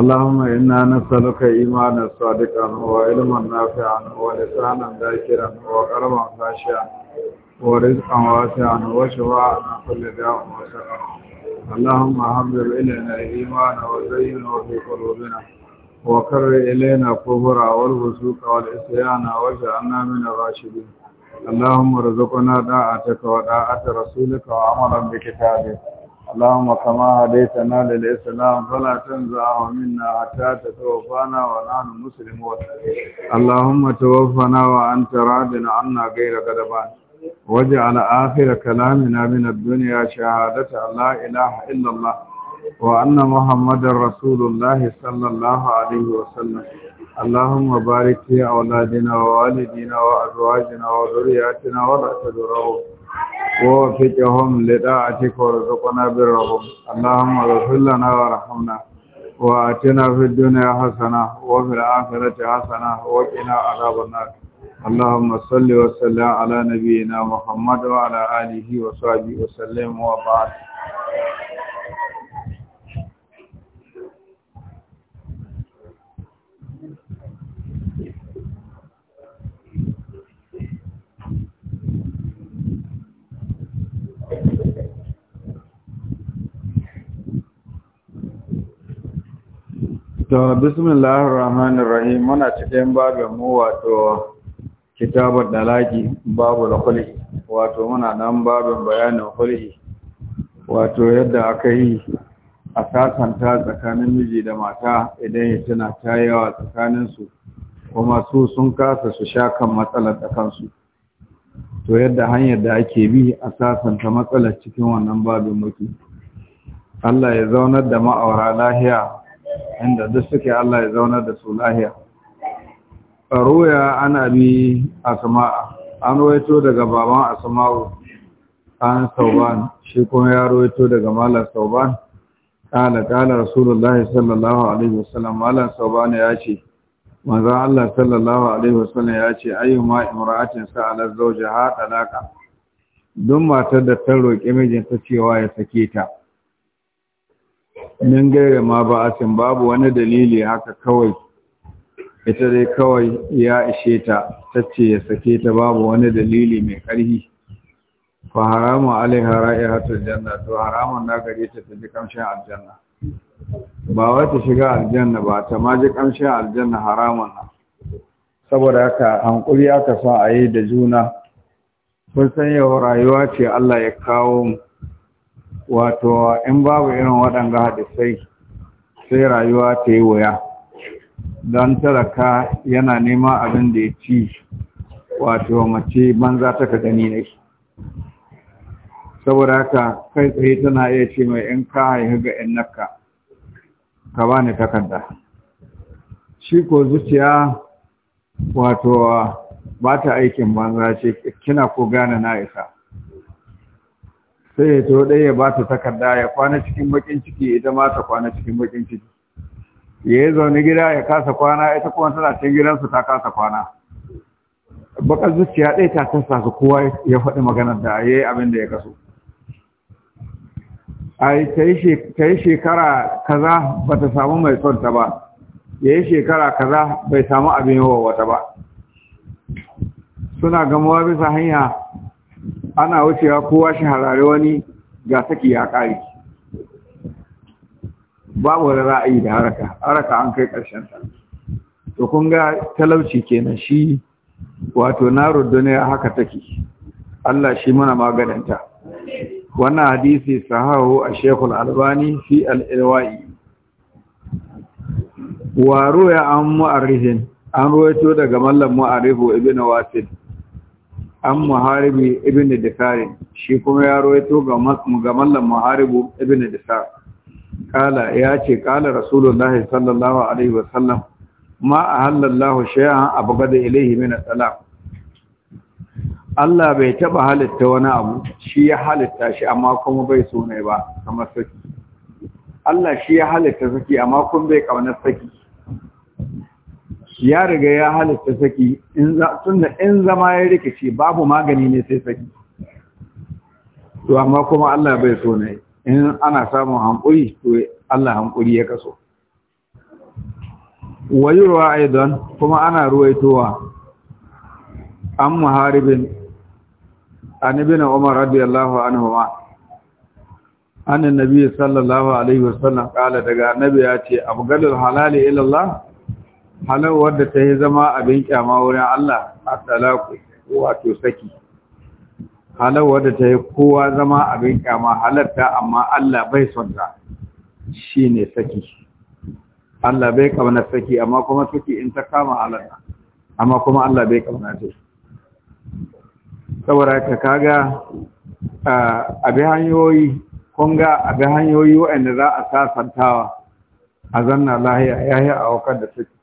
اللهم إنا نسألك إيمانا صادقا وعلما نافعا ولسانا ذاكرا وقلبا خاشعا ورزقا واسعا وشفاعا كل داء وسقا اللهم حبب إلينا الإيمان وزينه في قلوبنا وكر إلينا الكفر والفسوق والعصيان واجعلنا من الراشدين اللهم ارزقنا طاعتك وطاعة رسولك وعملا بكتابك اللهم كما هديتنا للإسلام فلا تنزعه منا حتى تتوفانا ونحن مسلمون اللهم توفنا وأنت راض عنا غير غضبان واجعل آخر كلامنا من الدنيا شهادة لا إله إلا الله وأن محمدا رسول الله صلى الله عليه وسلم اللهم بارك في أولادنا ووالدينا وأزواجنا وذرياتنا ولا تدرهم ووفقهم لطاعتك وارزقنا برهم اللهم اغفر لنا وارحمنا واتنا في الدنيا حسنه وفي الاخره حسنه وقنا عذاب النار اللهم صل وسلم على نبينا محمد وعلى اله وصحبه وسلم وبعد To, ar-rahman ar rahim muna cikin babin mu wato kitabar dalaki babu da kulli wato muna nan babin bayanin kulli wato yadda aka yi a sasanta tsakanin miji da mata idan ya tana ta yawa tsakanin su kuma su sun kasa su sha kan matsalar da kansu to yadda hanyar da ake bi a sasanta matsalar cikin wannan babin mutu. Allah ya zaunar da ma'aura lahiya inda duk suke Allah ya zauna da su lahiya ruya ana bi asma'a an rawaito daga baban asma'u an sauban shi kuma ya rawaito daga malar sauban ƙala kala rasulullahi sallallahu alaihi wasallam malar sauban ya ce manzo Allah sallallahu alaihi wasallam ya ce ayyuma imra'atin sa'ala haɗa talaqa Don matar da ta roƙi mijinta cewa ya sake ta min gaira ma ba a ba'asin babu wani dalili haka kawai ita dai kawai ya ishe ta tace ya sake ta babu wani dalili mai ƙarfi fa haramu alaiha ra'ihatul janna to haramun na gare ta ta ji kamshin aljanna ba wai ta shiga aljanna ba ta ma ji kamshin aljanna haramun na saboda haka hankuri aka sa a yi da juna kun san yau rayuwa ce Allah ya kawo mu wato in babu irin waɗanga hadisai sai rayuwa ta yi wuya don talaka yana nema abin da ya ci wato mace banza ta ka gani ne saboda haka kai tsaye tana iya ce mai in ka haihu ga in naka ka ba ni takarda shi ko zuciya wato ba ta aikin banza ce kina ko gane na isa sai ya to ɗaya ya ba ta takarda ya kwana cikin bakin ciki ita ma ta kwana cikin bakin ciki ya yi zaune gida ya kasa kwana ita kuma tana cikin gidansu ta kasa kwana bakar zuciya ɗaya ta tasa su kowa ya faɗi maganar da ya yi abin da ya kaso ai ta yi shekara kaza ba ta samu mai son ta ba ya yi shekara kaza bai samu abin yawa wata ba suna gamuwa bisa hanya ana wucewa kowa shi harare wani ga saki ya ƙari babu wani ra'ayi da haraka haraka an kai ƙarshen ta to kun ga talauci kenan shi wato na duniya haka take Allah shi mana maganinta. wannan hadisi sahahu a shekul albani fi al'ilwa'i wa ruwa an mu'arrihin an ruwaito daga mallam mu'arrihu ibn wasil an muharibi ibn dikari shi kuma ya rawaito ga ga mallam muharibu ibn dikar kala ya ce kala rasulullahi sallallahu alaihi wasallam ma ahallallahu shay'an abgada ilayhi min al-salam Allah bai taba halitta wani abu shi ya halitta shi amma kuma bai so ne ba kamar saki Allah shi ya halitta saki amma kun bai kaunar saki ya riga ya halitta saki da in zama ya rikici babu magani ne sai saki to amma kuma Allah bai so ne in ana samun hankuri to Allah hankuri ya kaso wayurwa aidan kuma ana ruwaitowa an muharibin an ibn umar radiyallahu anhu ma annan nabi sallallahu alaihi wasallam kala daga annabi ya ce abgalul halali ila Allah halawar da ta yi zama abin kyama wurin Allah a talaku wato saki halawar da ta yi kowa zama abin kyama halatta amma Allah bai son ta shi ne saki Allah bai kamna saki amma kuma saki in ta kama halatta amma kuma Allah bai kamna ta saboda ka kaga abin hanyoyi kunga abin hanyoyi wa'anda za a sasantawa a zanna lahiya ya yi a wakar da saki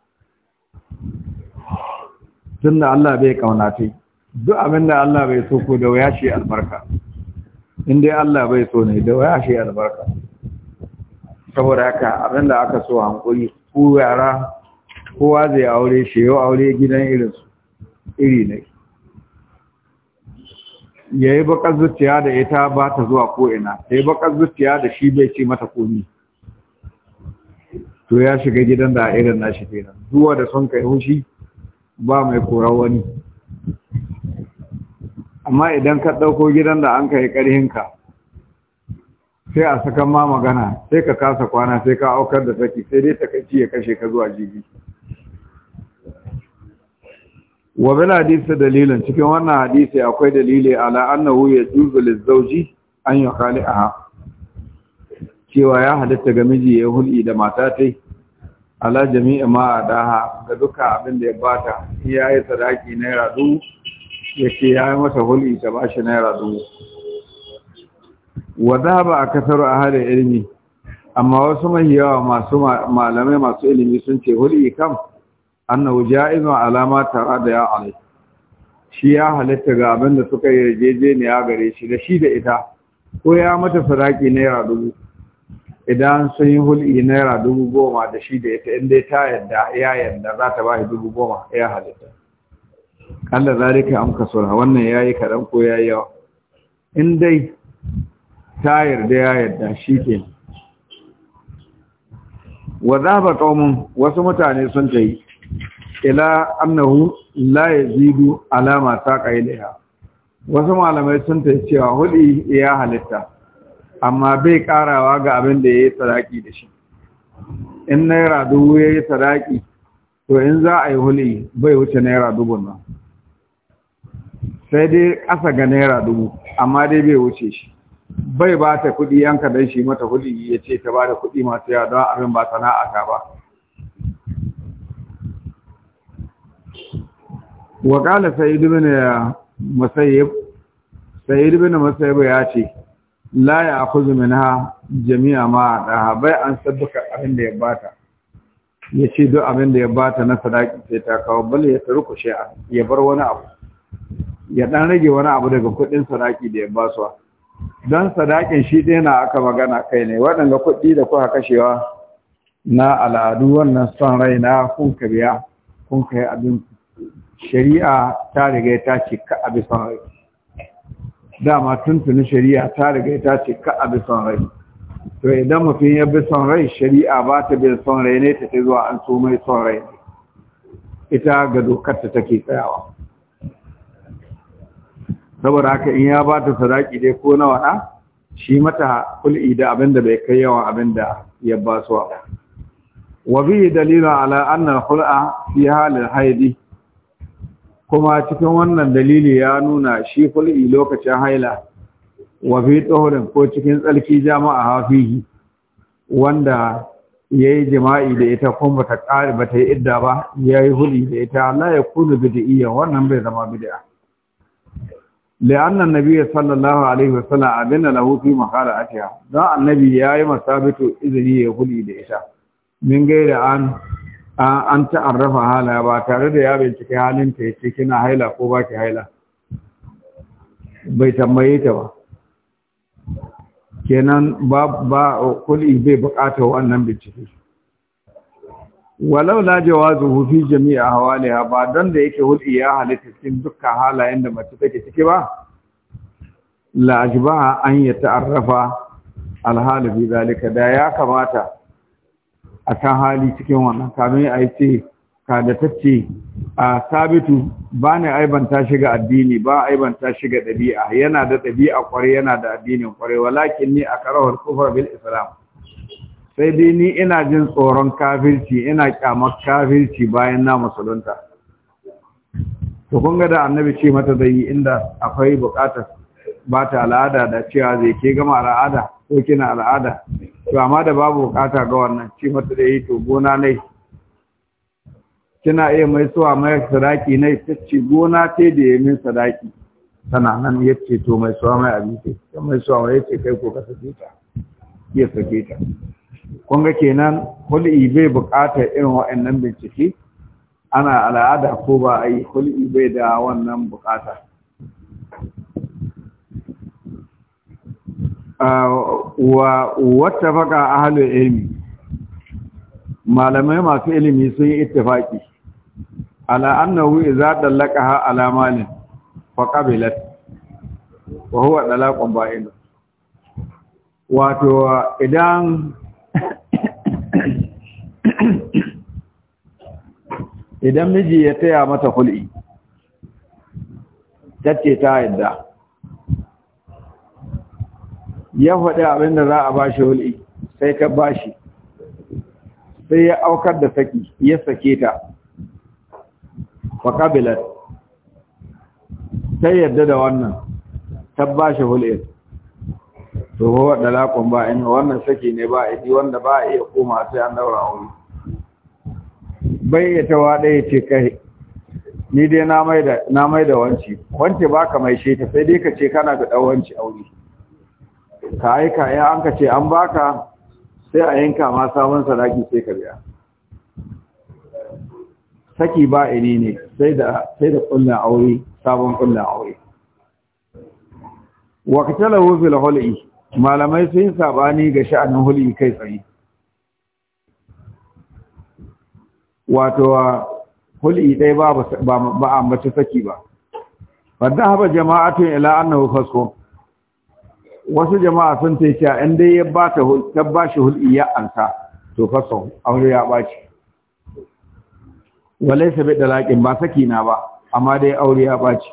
Tun da Allah bai kaunafi, duk abin da Allah bai so ko da waya shi albarka in dai Allah bai so ne da waya shi albarka saboda haka abin da aka so hankuri ko yara kowa zai aure shi yau aure gidan irinsu iri ne ya yi bakar zuciya da ita ba ta zuwa ko'ina ta yi bakar zuciya da shi bai ce mata komi to ya shiga gidan da irin nashi kenan zuwa da son kai hushi ba mai kora wani amma idan ka ɗauko gidan da an kai ƙarhinka sai a sakan ma magana sai ka kasa kwana sai ka aukar da saki sai dai takaici ya kashe ka zuwa jibi wa bil hadisi dalilin cikin wannan hadisi akwai dalili ala annahu yajuzu lizawji an yukhali'aha cewa ya halitta ga miji ya hulɗi da mata tai ala jami'a ma daha ga duka abin da ya bata ya yi sadaki naira dubu ya ce ya yi mata huli ta ba shi naira dubu wadda ba a kasar a hada ilimi amma wasu mai yawa masu malamai masu ilimi sun ce huli kam annahu ja'izun alama tara da ya alai shi ya halitta ga abin da suka yarjejeniya gare shi da shi da ita ko ya mata sadaki naira dubu idan sun yi hul'i naira dubu goma da shi da ita inda ta yadda ya yadda za ta ba dubu goma ya halitta da zalika amka sura wannan ya yi kaɗan ko yi yawa in dai ta yarda ya yarda ke. wa zaba ƙaumin wasu mutane sun ta yi. ila annahu la zidu alama da ilaiha wasu malamai sun yi cewa huli ya halitta amma bai ƙarawa ga abin da ya yi sadaki da shi in naira dubu ya yi sadaki to in za a yi huli bai wuce naira dubu nan sai dai ƙasa ga naira dubu amma dai bai wuce shi bai ba ta kuɗi yanka don shi mata huli ya ce ta ba da kuɗi masu yawa don abin ba sana'a ta ba wa ƙala sa'id ibn musayyib ya ce la ya akuzu minha jami'a ma da bai an sadduka abin da ya bata ya ce duk abin da ya bata na sadaki sai ta kawo bal ya tarku ya bar wani abu ya dan rage wani abu daga kudin sadaki da ya basuwa dan sadakin shi dai na aka magana kai ne waɗanda kuɗi da kuka kashewa na al'adu wannan son rai na kun ka biya kun kai abin shari'a ta riga ta ce ka abin son rai dama tuntuni shari'a ta riga ta ce ka a bisan rai to idan mutum ya bi son rai shari'a ba ta bi son rai ne ta zuwa an so mai son rai ne ita ga dokar ta take tsayawa saboda haka in ya ba ta sadaki dai ko nawa na shi mata kul'i da da bai kai yawan abin da ya ba su wa bi dalilu ala anna al-khul'a fi halin haidi kuma cikin wannan dalili ya nuna shi kul'i lokacin haila wa fi ko cikin tsarki jama'a hafihi wanda ya yi jima'i da ita kuma bata ƙari bata yi idda ba ya yi huli da ita la ya kunu bidiyya wannan bai zama bid'a li'anna nabiyyi sallallahu alaihi wasallam adana lahu fi mahalatiha dan annabi yayi masabitu izini ya huli da ita min gaira an an ta'arrafa hala ba tare da ya bincike halinta ce kina haila ko ba ki haila bai tambaye ta ba kenan ba ba kulli bai bukata wannan bincike walau la jawazu fi jami'a ahwaliha ba dan da yake hulɗi ya halitta cikin dukkan halayen da mace take ciki ba la ajba an yata'arrafa alhali bi zalika da ya kamata a kan hali cikin wannan kamin a yi ce kadatacce a sabitu ba ne aibanta shi ga addini ba aibanta shi ga ɗabi'a yana da ɗabi'a kwarai yana da addinin kwarai walakin ni a karawar kufar bil islam sai dai ni ina jin tsoron kafirci ina kyamar kafirci bayan na musulunta to kun ga da annabi ce mata zai yi inda akwai bukatar ba ta al'ada da cewa zai ke gama al'ada ko kina al'ada to amma da babu bukata ga wannan ci mata da yi to gona ne kina iya mai suwa mai sadaki ne ta gona ce da ya min sadaki tana nan ya ce to mai suwa mai abinci ta mai suwa mai ce kai ko ka sake ta ya sake ta kun ga kenan hul'i bai bukata irin wa'annan bincike ana al'ada ko ba a yi hul'i bai da wannan bukata wa wattafaqa ahlul ilmi malamai masu ilimi sun yi ittifaki ala annahu idza dallaqaha ala malin fa qabilat wa huwa dalaqun ba'in wato idan idan miji ya taya mata hul'i tace ta yadda ya faɗi abin da za a ba shi hul'i sai ka ba shi sai ya aukar da saki ya sake ta faƙabilar sai yadda da wannan ta ba shi hul'i to huwa laƙon ba in wannan saki ne ba a wanda ba a iya koma sai an daura wuri bai ya tawa ya ce kai ni dai na mai da wanci wanci ba ka mai shi ta sai dai ka ce kana da ɗan wanci aure ka aika ya an ka ce an baka sai a yanka ma sabon sadaki sai ka biya saki ba ini ne sai da sai da kullun aure sabon kullun aure wa qatalahu fil hul'i malamai sun sabani ga sha'anin hul'i kai tsaye wato hul'i dai ba ba ambaci saki ba fa dhahaba jama'atu ila annahu fasqu wasu jama'a sun ta ce in dai ya ba ta ba shi hulɗi ya ansa to fa son aure ya baci walaysa bi laƙin ba saki na ba amma dai aure ya shi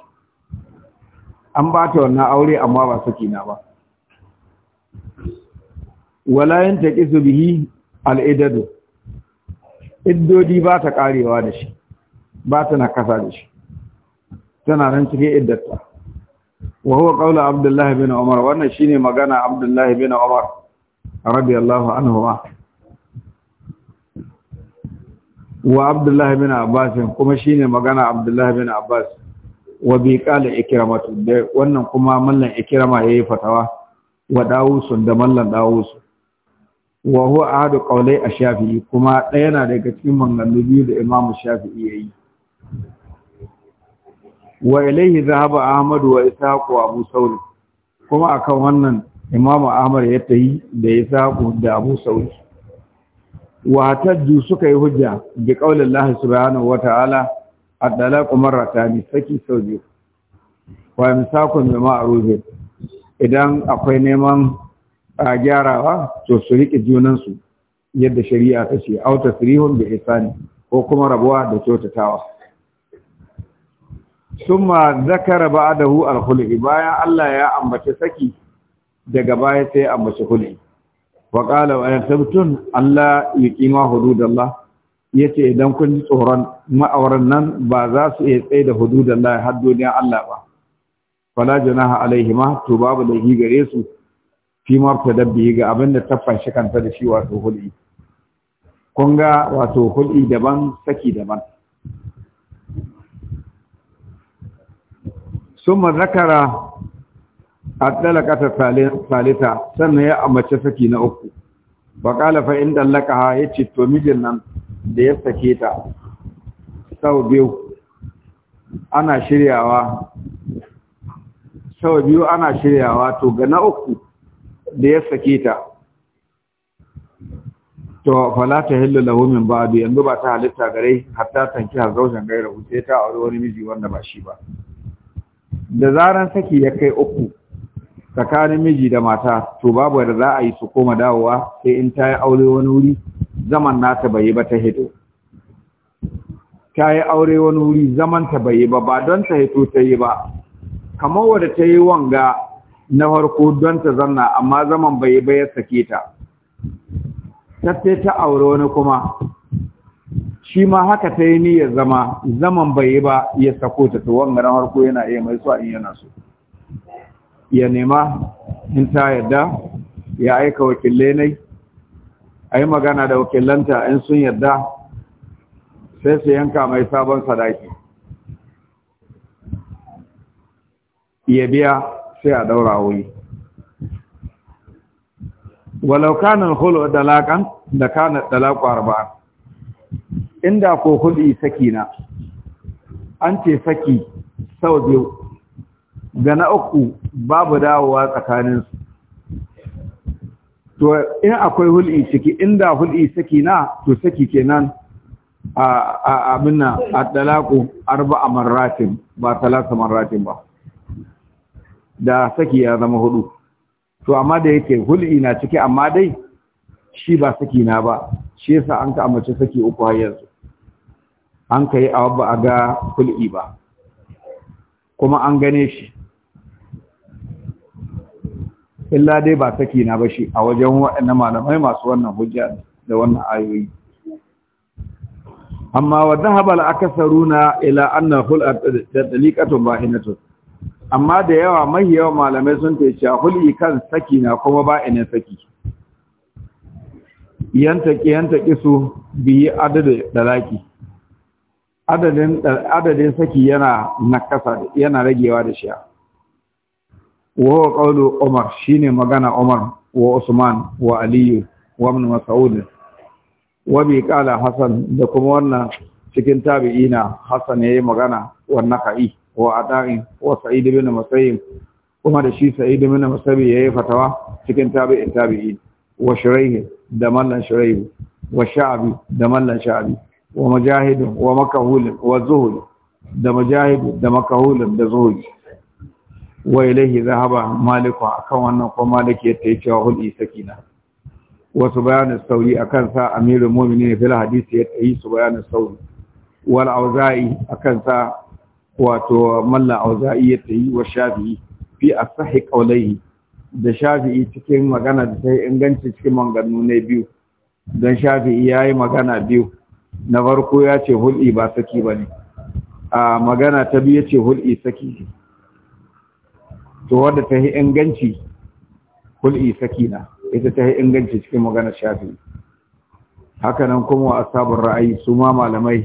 an ba ta wannan aure amma ba saki na ba wala yantaqisu bihi al iddodi ba ta karewa da shi ba ta kasa da shi tana nan cikin iddarta wa huwa qawlu abdullahi bin umar wannan shine magana abdullahi bin umar radiyallahu anhu wa abdullahi bin abbas kuma shine magana abdullahi bin abbas wa bi qala ikramatu wannan kuma mallan ikrama yayi fatawa wa dawusun da mallan dawusun wa huwa ahadu qawlai ash-shafi'i kuma ɗaya na daga cikin mangalubi da imam shafi'i yayi wa ilaihi zahaba ahmad wa ishaq wa abu sauri kuma akan wannan imamu ahmad ya tayi da ishaq da abu sauri wa ju suka yi hujja bi qaulillahi subhanahu wa ta'ala at-talaqu marratan saki sau biyu wa imsakun bi ma'ruf idan akwai neman a gyarawa to su riƙe junansu yadda shari'a ta ce au tasrihun bi ihsani ko kuma rabuwa da kyautatawa summa zakara ba'dahu al-khul'i bayan Allah ya ambace saki daga baya sai ambace khul'i wa qala wa yasabtun Allah yuqima hududallah yace idan kun ji tsoron ma'auran nan ba za su iya tsaye da hududallah har duniya Allah ba fala alaihi ma to babu da hi gare su fi marta dabbi ga da ta shi kanta da shi wato hul'i kun ga wato hul'i daban saki daban summa zakara at-talaqata salisa sannan ya amace saki na uku fa qala fa in dallaqaha yace to mijin nan da ya sake ta sau biyu ana shiryawa sau biyu to ga uku da ya sake ta to fala ta hillu lahu min ba'du yanzu ba ta halitta gare hatta tanki har zaujan gaira sai ta auri wani miji wanda ba shi ba da zaran saki ya kai uku tsakanin miji da mata to babu da za a yi su koma dawowa sai in ta yi aure wani wuri zaman nata bai yi ba ta hito ta yi aure wani wuri zaman ta bai yi ba ba don ta hito ta yi ba kamar wadda ta yi wanga na farko don ta zanna amma zaman bai yi ba ya sake ta tattai ta aure wani kuma shi ma haka ta yi niyyar zama zaman bai yi ba ya sako ta to wannan harko yana iya mai so in yana so ya nema in ta yadda ya aika wakilai nai a yi magana da wakillanta in sun yadda sai su yanka mai sabon sadaki ya biya sai a daura wuri walau kanin hulu da da kanin dalakwa ba'a inda ko hulɗi saki an ce saki sau biyu ga na uku babu dawowa tsakaninsu to in akwai hul'i ciki inda hul'i saki na to saki kenan a abinna a talaku arba'a marratin ba talata marratin ba da saki ya zama hudu to amma da yake hul'i na ciki amma dai shi ba saki na ba shi yasa an ka amince saki uku har yanzu an ka yi awa a ga kul'i ba kuma an gane shi illa dai ba saki na ba shi a wajen na malamai masu wannan hujja da wannan ayoyi amma wa dhahaba aka akasaruna ila anna khul'at daliqatun bahinatun amma da yawa mahi yawan malamai sun ce cewa hul'i kan saki na kuma ba ina saki yanta ki yanta biyi bi da laki adadin adadin saki yana nakasa yana ragewa da shi wa huwa qawlu umar shine magana umar wa usman wa ali wa ibn mas'ud wa bi qala hasan da kuma wannan cikin tabi'ina hasan yayi magana wa naqi wa adari wa sa'id ibn musayyib kuma da shi sa'id ibn musayyib yayi fatawa cikin tabi'in tabi'in wa shurayh da mallan shurayh wa sha'bi da mallan sha'bi wa majahidin wa makahulin wa zuhuli da majahidin da makahulin da zuhuli wa ilaihi zahaba maliku akan wannan ko maliki ya tayi cewa saki sakina wasu bayanin sauri a kan sa Momini ne fil hadisi ya tayi su bayanin sauri wal auza'i kan sa wato malla auza'i ya tayi wa shafi'i fi asahi qawlaihi da shafi'i cikin magana da sai inganci cikin maganganu ne biyu don shafi'i yayi magana biyu na farko ya ce hul'i ba saki ba ne a magana ta biyu ce hul'i saki to wadda ta yi inganci hul'i saki na ita ta yi inganci cikin magana shafi haka kuma a sabon ra'ayi su ma malamai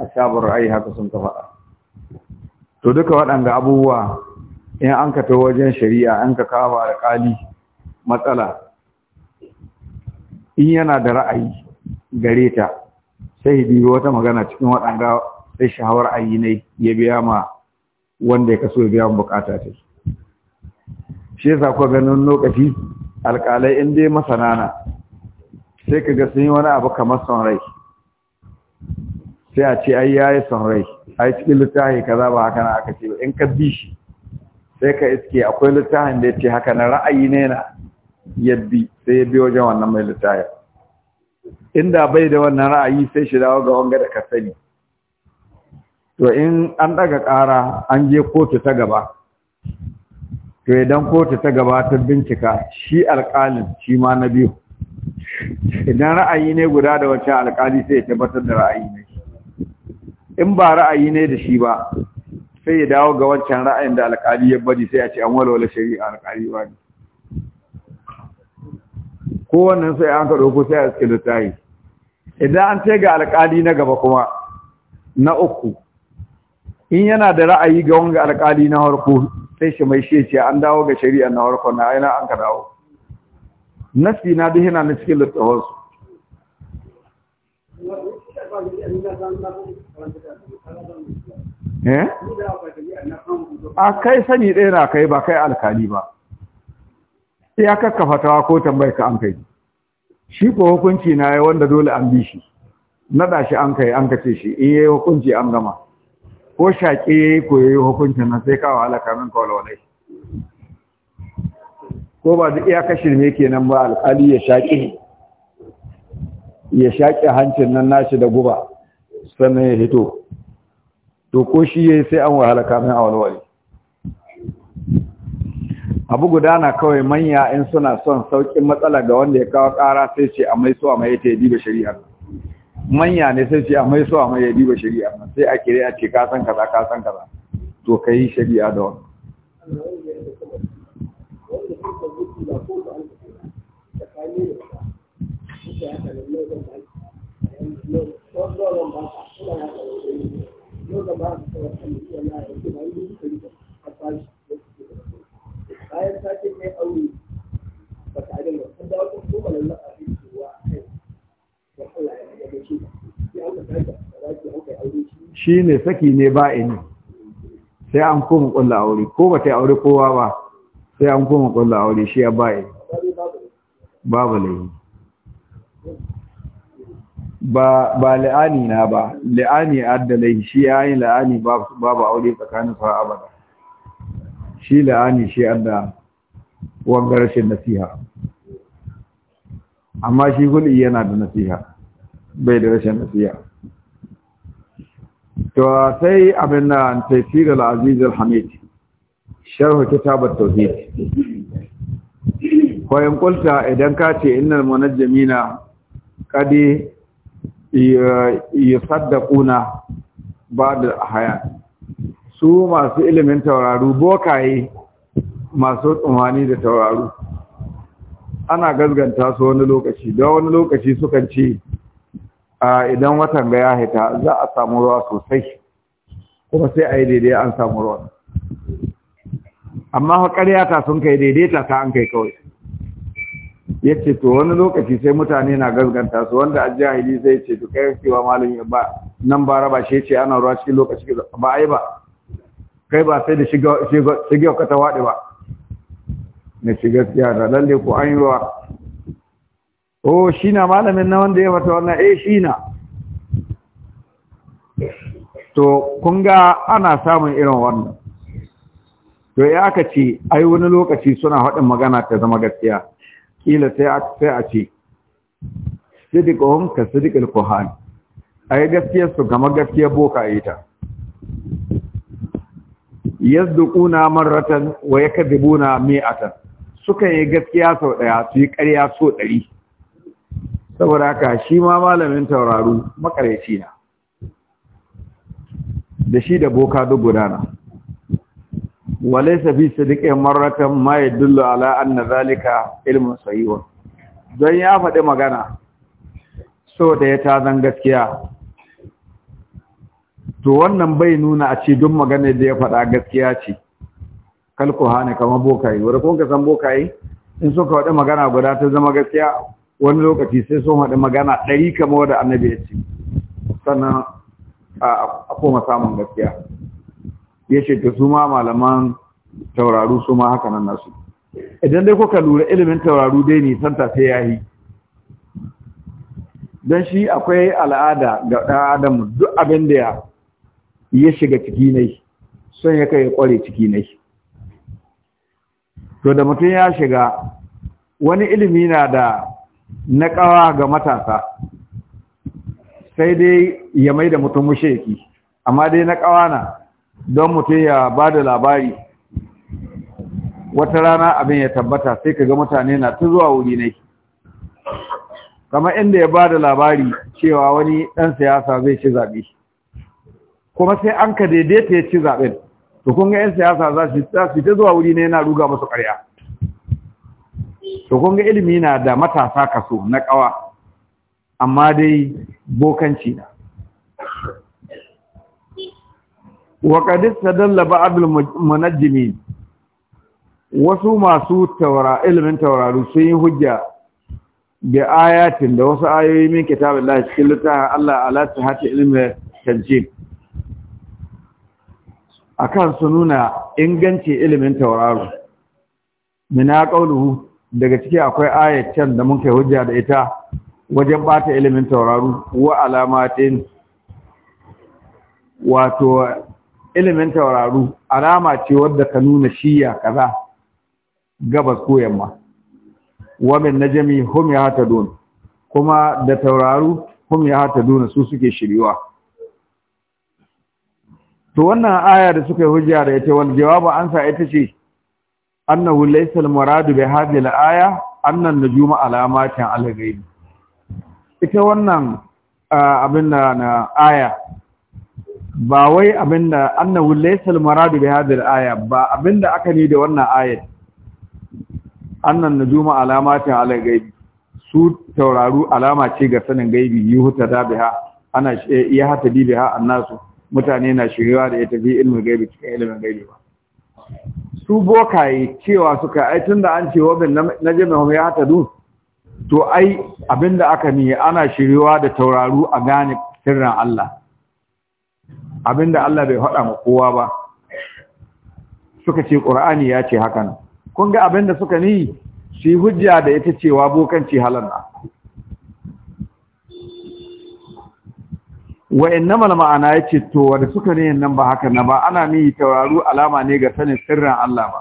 a sabon ra'ayi haka sun ta faɗa to duka waɗanda abubuwa in an ka ta wajen shari'a an ka kawo alƙali matsala in yana da ra'ayi gare ta sai biyu wata magana cikin waɗanda sai shahawar ayinai ya biya ma wanda ya kaso ya biya ma bukata ta shi ganin lokaci alƙalai in dai masana na sai ka ga sun yi wani abu kamar son rai sai a ce ai yi son rai ai cikin littafi kaza ba haka na aka ce in ka bi shi sai ka iske akwai littafin da ya ce haka na ra'ayi ne na yabbi sai ya bi wajen wannan mai littafin inda bai da wannan ra'ayi sai shi dawo ga wanga da ka sani to in an daga ƙara an je kotu ta gaba to idan kotu ta gaba ta bincika shi alƙalin shi ma na biyu idan ra'ayi ne guda da wacce alƙali sai ya tabbatar da ra'ayi ne in ba ra'ayi ne da shi ba sai ya dawo ga wancan ra'ayin da alƙali ya bari sai a ce an walwala shari'a alƙali ba ne kowannen sai an ka ɗauko sai a suke da tayi idan an ce ga alƙali na gaba kuma na uku in yana da ra'ayi ga wanga alƙali na harko sai shi mai shi ce an dawo ga shari'a na harko na aina an ka dawo nasi na duk yana na cikin littafansu eh? a kai sani ɗaya na kai ba kai alƙali ba Ya kakkafa tawa ko tambayar ka an kai shi ko hukunci na yi wanda dole an bi shi da shi an kai an kace shi in yayi hukunci an gama ko shaƙe ya yi ko ya hukuncin nan sai kawo halaka min kawalwalai ko ba da duk iyakar shirme kenan ba alƙali ya shaƙe ya shaƙe hancin nan nashi da guba sannan ya hito to ko shi ya yi sai an wahala kamin a walwali abu guda na kawai manya in suna son saukin matsala ga wanda ya kawo kara sai ce a maiso a maye ta yi diba shari'ar manya ne sai ce a maiso a maye ya diba shari'ar sai a kire a ce ka san kaza ka san kaza to ka yi shari'a da wani Thank you. shi ne saki ne ini sai an kuma kulla aure ko ba ta yi aure kowa ba sai an kuma kulla aure shi ya ba'ini babu laihi ba ba la'ani na ba la'ani adda laihi shi ya yi la'ani babu aure tsakanin fara abada shi la'ani shi adda wangar rashin nasiha amma shi hul'i yana da nasiha bai da rashin nasiha to sai abin nan tafsir al-aziz al-hamid sharh kitab at-tauhid ko in kulta idan ka ce innal munajjimina kadi ba'da ahyan su masu ilimin tauraru bokaye masu tsumani da tauraru ana gazganta su wani lokaci Da wani lokaci sukan ce idan watan ga ya haita za a samu ruwa sosai kuma sai a yi daidai an samu ruwa amma haƙar ta sun kai daidai ta an kai kawai ya ce to wani lokaci sai mutane na gazganta su wanda a jahili zai ce to kai cewa malami ba nan ba raba shi ce ana ruwa cikin lokaci ba ai ba kai ba sai da shiga shiga ka ta wade ba na shiga gaskiya da lalle ko an yi ruwa oh shi na malamin na wanda ya fata wannan eh shi na to kun ga ana samun irin wannan to ya aka ce ai wani lokaci suna haɗin magana ta zama gaskiya kila sai a ce sidikon ka sidikin kohan. a yi su, gama gaskiyar boka a yi ta yasdukuna marratan wa yakdhibuna atan. suka yi gaskiya sau ɗaya su yi ƙarya so ɗari saboda haka shi ma malamin tauraru makareci na da shi da boka duk gudana walaysa fi sadiqi marratan ma yadullu ala anna zalika ilmun sahihun don ya faɗi magana so da ya tazan gaskiya to wannan bai nuna a ce duk magana da ya faɗa gaskiya ce kalko hane kama bokaye wanda kun ka san bokaye in suka faɗi magana guda ta zama gaskiya wani lokaci sai sun haɗu magana ɗari kamar wadda annabi ya ce sannan a koma samun gaskiya ya ce ta su malaman tauraru su ma haka nan nasu idan dai kuka lura ilimin tauraru dai ne santa sai ya yi don shi akwai al'ada ga ɗan Adamu duk abin da ya shiga ciki ne son ya kai kware ciki ne to da mutum ya shiga wani ilimi na da na ƙawa ga matasa sai dai ya mai da mutum sheki. amma dai na ƙawa na don mutum ya ba da labari wata rana abin ya tabbata sai ka ga mutane na ta zuwa wuri ne kamar inda ya ba da labari cewa wani ɗan siyasa zai ci zaɓe kuma sai an ka daidaita ya ci zaɓen to kun ga 'yan siyasa za su ta zuwa wuri ne yana ruga masu ƙarya to kun ga ilimi na da matasa kaso na kawa amma dai bokanci na ta dallaba abin المنجمين wasu masu ilimin tauraru sun yi hujja da ayatin da wasu ayoyi min kitabin Allah cikin littafin Allah ala ilimin canci a akan su nuna inganci ilimin tauraru mina ƙaunuhu daga ciki akwai ayatan da mun kai hujja da ita wajen bata ilimin tauraru wa alamatin wato ilimin tauraru alama ce wadda ka nuna shiya kaza gabas ko yamma wa min najmi hum yahtadun kuma da tauraru hum yahtadun su suke shiriwa to wannan aya da suka hujja da ita wani jawabu ansa ita ce annahu laysa al-muradu bi hadhihi al-aya annan nujuma alamatin al-ghaib ita wannan abin da na aya ba wai abin da annahu laysa al-muradu bi hadhihi al-aya ba abin da aka ne da wannan ayat annan nujuma alamatin al-ghaib su tauraru alama ce ga sanin gaibi yuhuta da biha ana iya hata biha annasu mutane na shirewa da ya tafi ilmin gaibi cikin ilimin gaibi ba su bokaye cewa suka ai tun da an ce wabin najmihum ya dun to ai abinda aka ni ana shiriwa da tauraru a gane sirrin Allah abinda Allah bai faɗa ma kowa ba suka ce Qur'ani ya ce hakan kun ga abinda suka ni shi hujja da ita cewa bokanci na. wa innamal ma'ana ce to wani suka ne nan ba haka na ba ana ni tauraru alama ne ga sanin sirrin Allah ba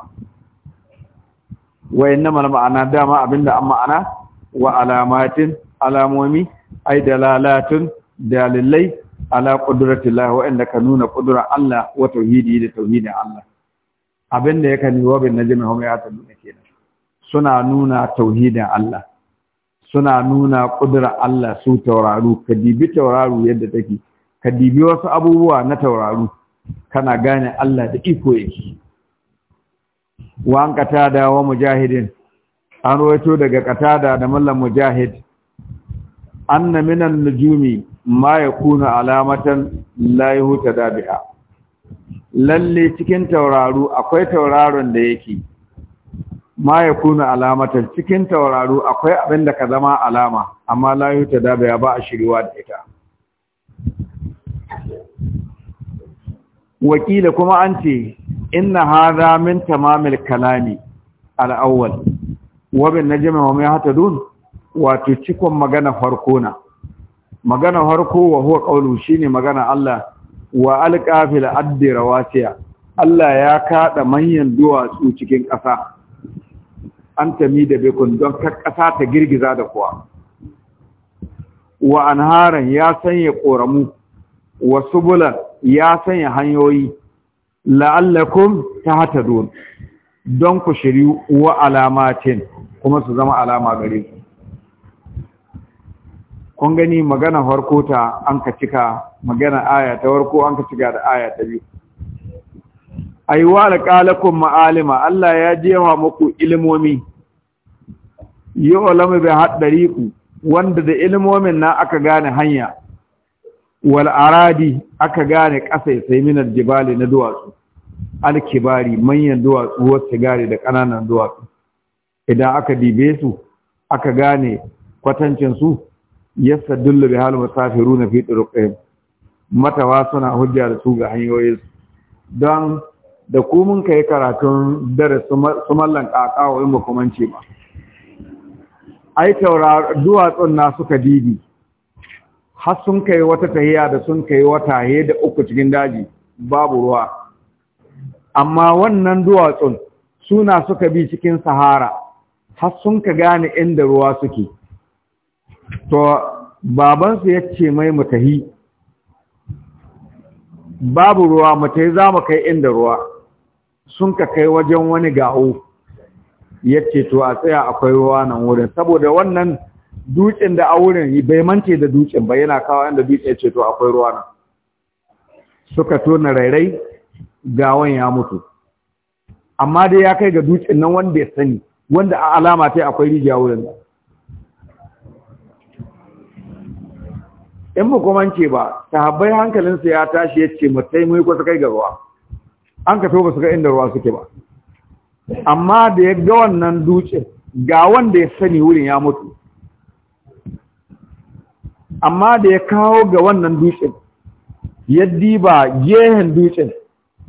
wa innamal ma'ana dama abinda an ma'ana wa alamatin alamomi da dalalatun dalilai ala qudratillah wa inda ka nuna qudrar Allah wa tauhidi da tauhidin Allah abinda yake ni wa bin najmi hum ya nuna kenan suna nuna tauhidin Allah suna nuna ƙudura Allah su tauraru ka dibi tauraru yadda take ka dibi wasu abubuwa na tauraru. kana gane Allah da iko yake wa katada wa mujahidin an roto daga katada da mallam mujahid An na minan nujumi ma kuna alamatan la dabi'a. lalle cikin tauraru, akwai tauraron da yake ma ya kuna alamatar cikin tauraro akwai abin da ka zama alama amma layu ta dabaya ba a shirwa da ita wakila kuma an ce inna hadha min tamamil kalami al wabin na jami'a mai hata dun wato cikon magana farko na magana farko wa huwa shi shine magana Allah wa alqafil addira wasiya Allah ya kaɗa manyan duwatsu cikin ƙasa an tami da bekun don ƙasa ta girgiza da kuwa wa anharan ya sanya ƙoramu wa subulan ya sanya hanyoyi la'allakum tahtadun don ku shiryu wa alamatin kuma su zama alama gare ku kun gani magana farko ta an ka cika magana aya ta an ka cika da aya biyu aiwa alqalakum ma'alima Allah ya jewa muku ilmomi be haddari ku. wanda da ilmomin na aka gane hanya wal aradi aka gane kasai sai minar jibali na duwatsu alkibari manyan duwatsu wasu gari da ƙananan duwatsu idan aka dibe su aka gane kwatancin su yasa dullu bi hal musafiru na fi turuqihim matawa suna hujja da su ga hanyoyinsu. don da ku mun kai karatun dare su mallan kakawo in makamanci ba ai taurari duwatsun na suka didi. har sun kai wata tahiya da sun kai wata he da uku cikin daji babu ruwa amma wannan duwatsun suna suka bi cikin sahara har sun ka gane inda ruwa suke to babansu ya ce mai mutahi babu ruwa mutai za mu kai inda ruwa sun ka kai wajen wani ga'o ya ce to a tsaya akwai ruwa nan wurin saboda wannan dutsen da a wurin bai mance da dutsen ba yana kawo inda dutsen ya ce to akwai ruwa nan suka tona rairai gawon ya mutu amma dai ya kai ga dutsen nan wanda ya sani wanda a alama ta akwai rijiya wurin in mu kuma ce ba habbai hankalinsa ya tashi ya ce mutai mu yi kusa kai ga ruwa an ka ba su ga inda ruwa suke ba amma da ya ga wannan dutse ga wanda ya sani wurin ya mutu amma da ya kawo ga wannan dutsen ya diba gehen dutse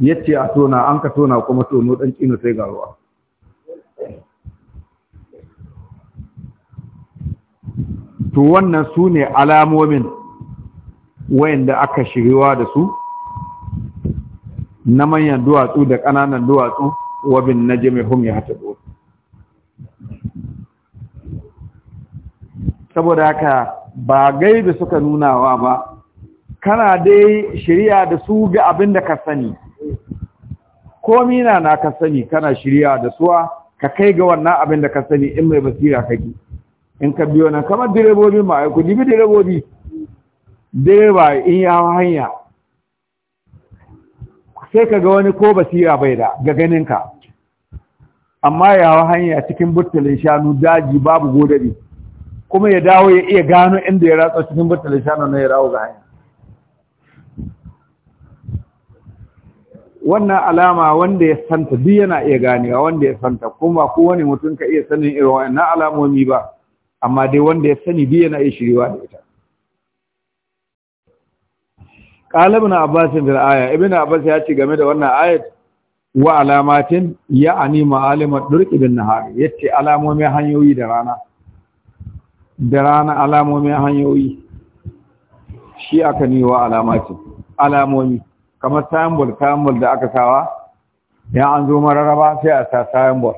ya ce a tona an ka tona kuma tono ɗan kino sai ga ruwa to wannan su ne alamomin wayanda aka shigewa da su na manyan duwatsu da ƙananan duwatsu wa bin najmi hum yahtadun saboda haka ba gaibe suka nunawa ba kana dai shirya da su ga abin da ka sani komi na na ka sani kana shirya da suwa ka kai ga wannan abin da ka sani in mai basira kake in ka biyo nan kamar direbobi ma aiku dibi direbobi direba in ya hanya sai ka ga wani ko basira bai da ga ganinka amma ya hanya cikin burtalin shanu daji babu godari kuma ya dawo ya iya gano inda ya ratsa cikin burtalin shanu na ya rawo ga hanya wannan alama wanda ya santa duk yana iya ganewa wanda ya santa kuma ko wani mutum ka iya sanin irin wannan alamomi ba amma dai wanda ya sani duk yana iya shirewa da ita Ƙalibin abbasin fil aya ibn abbas ya ce game da wannan ayat wa alamatin ya'ani ma'alima durqi bin nahar yace alamomin hanyoyi da rana da rana alamomin hanyoyi shi aka ni wa alamatin alamomi kamar sayambol sayambol da aka sawa ya an zo mararaba sai a sa sayambol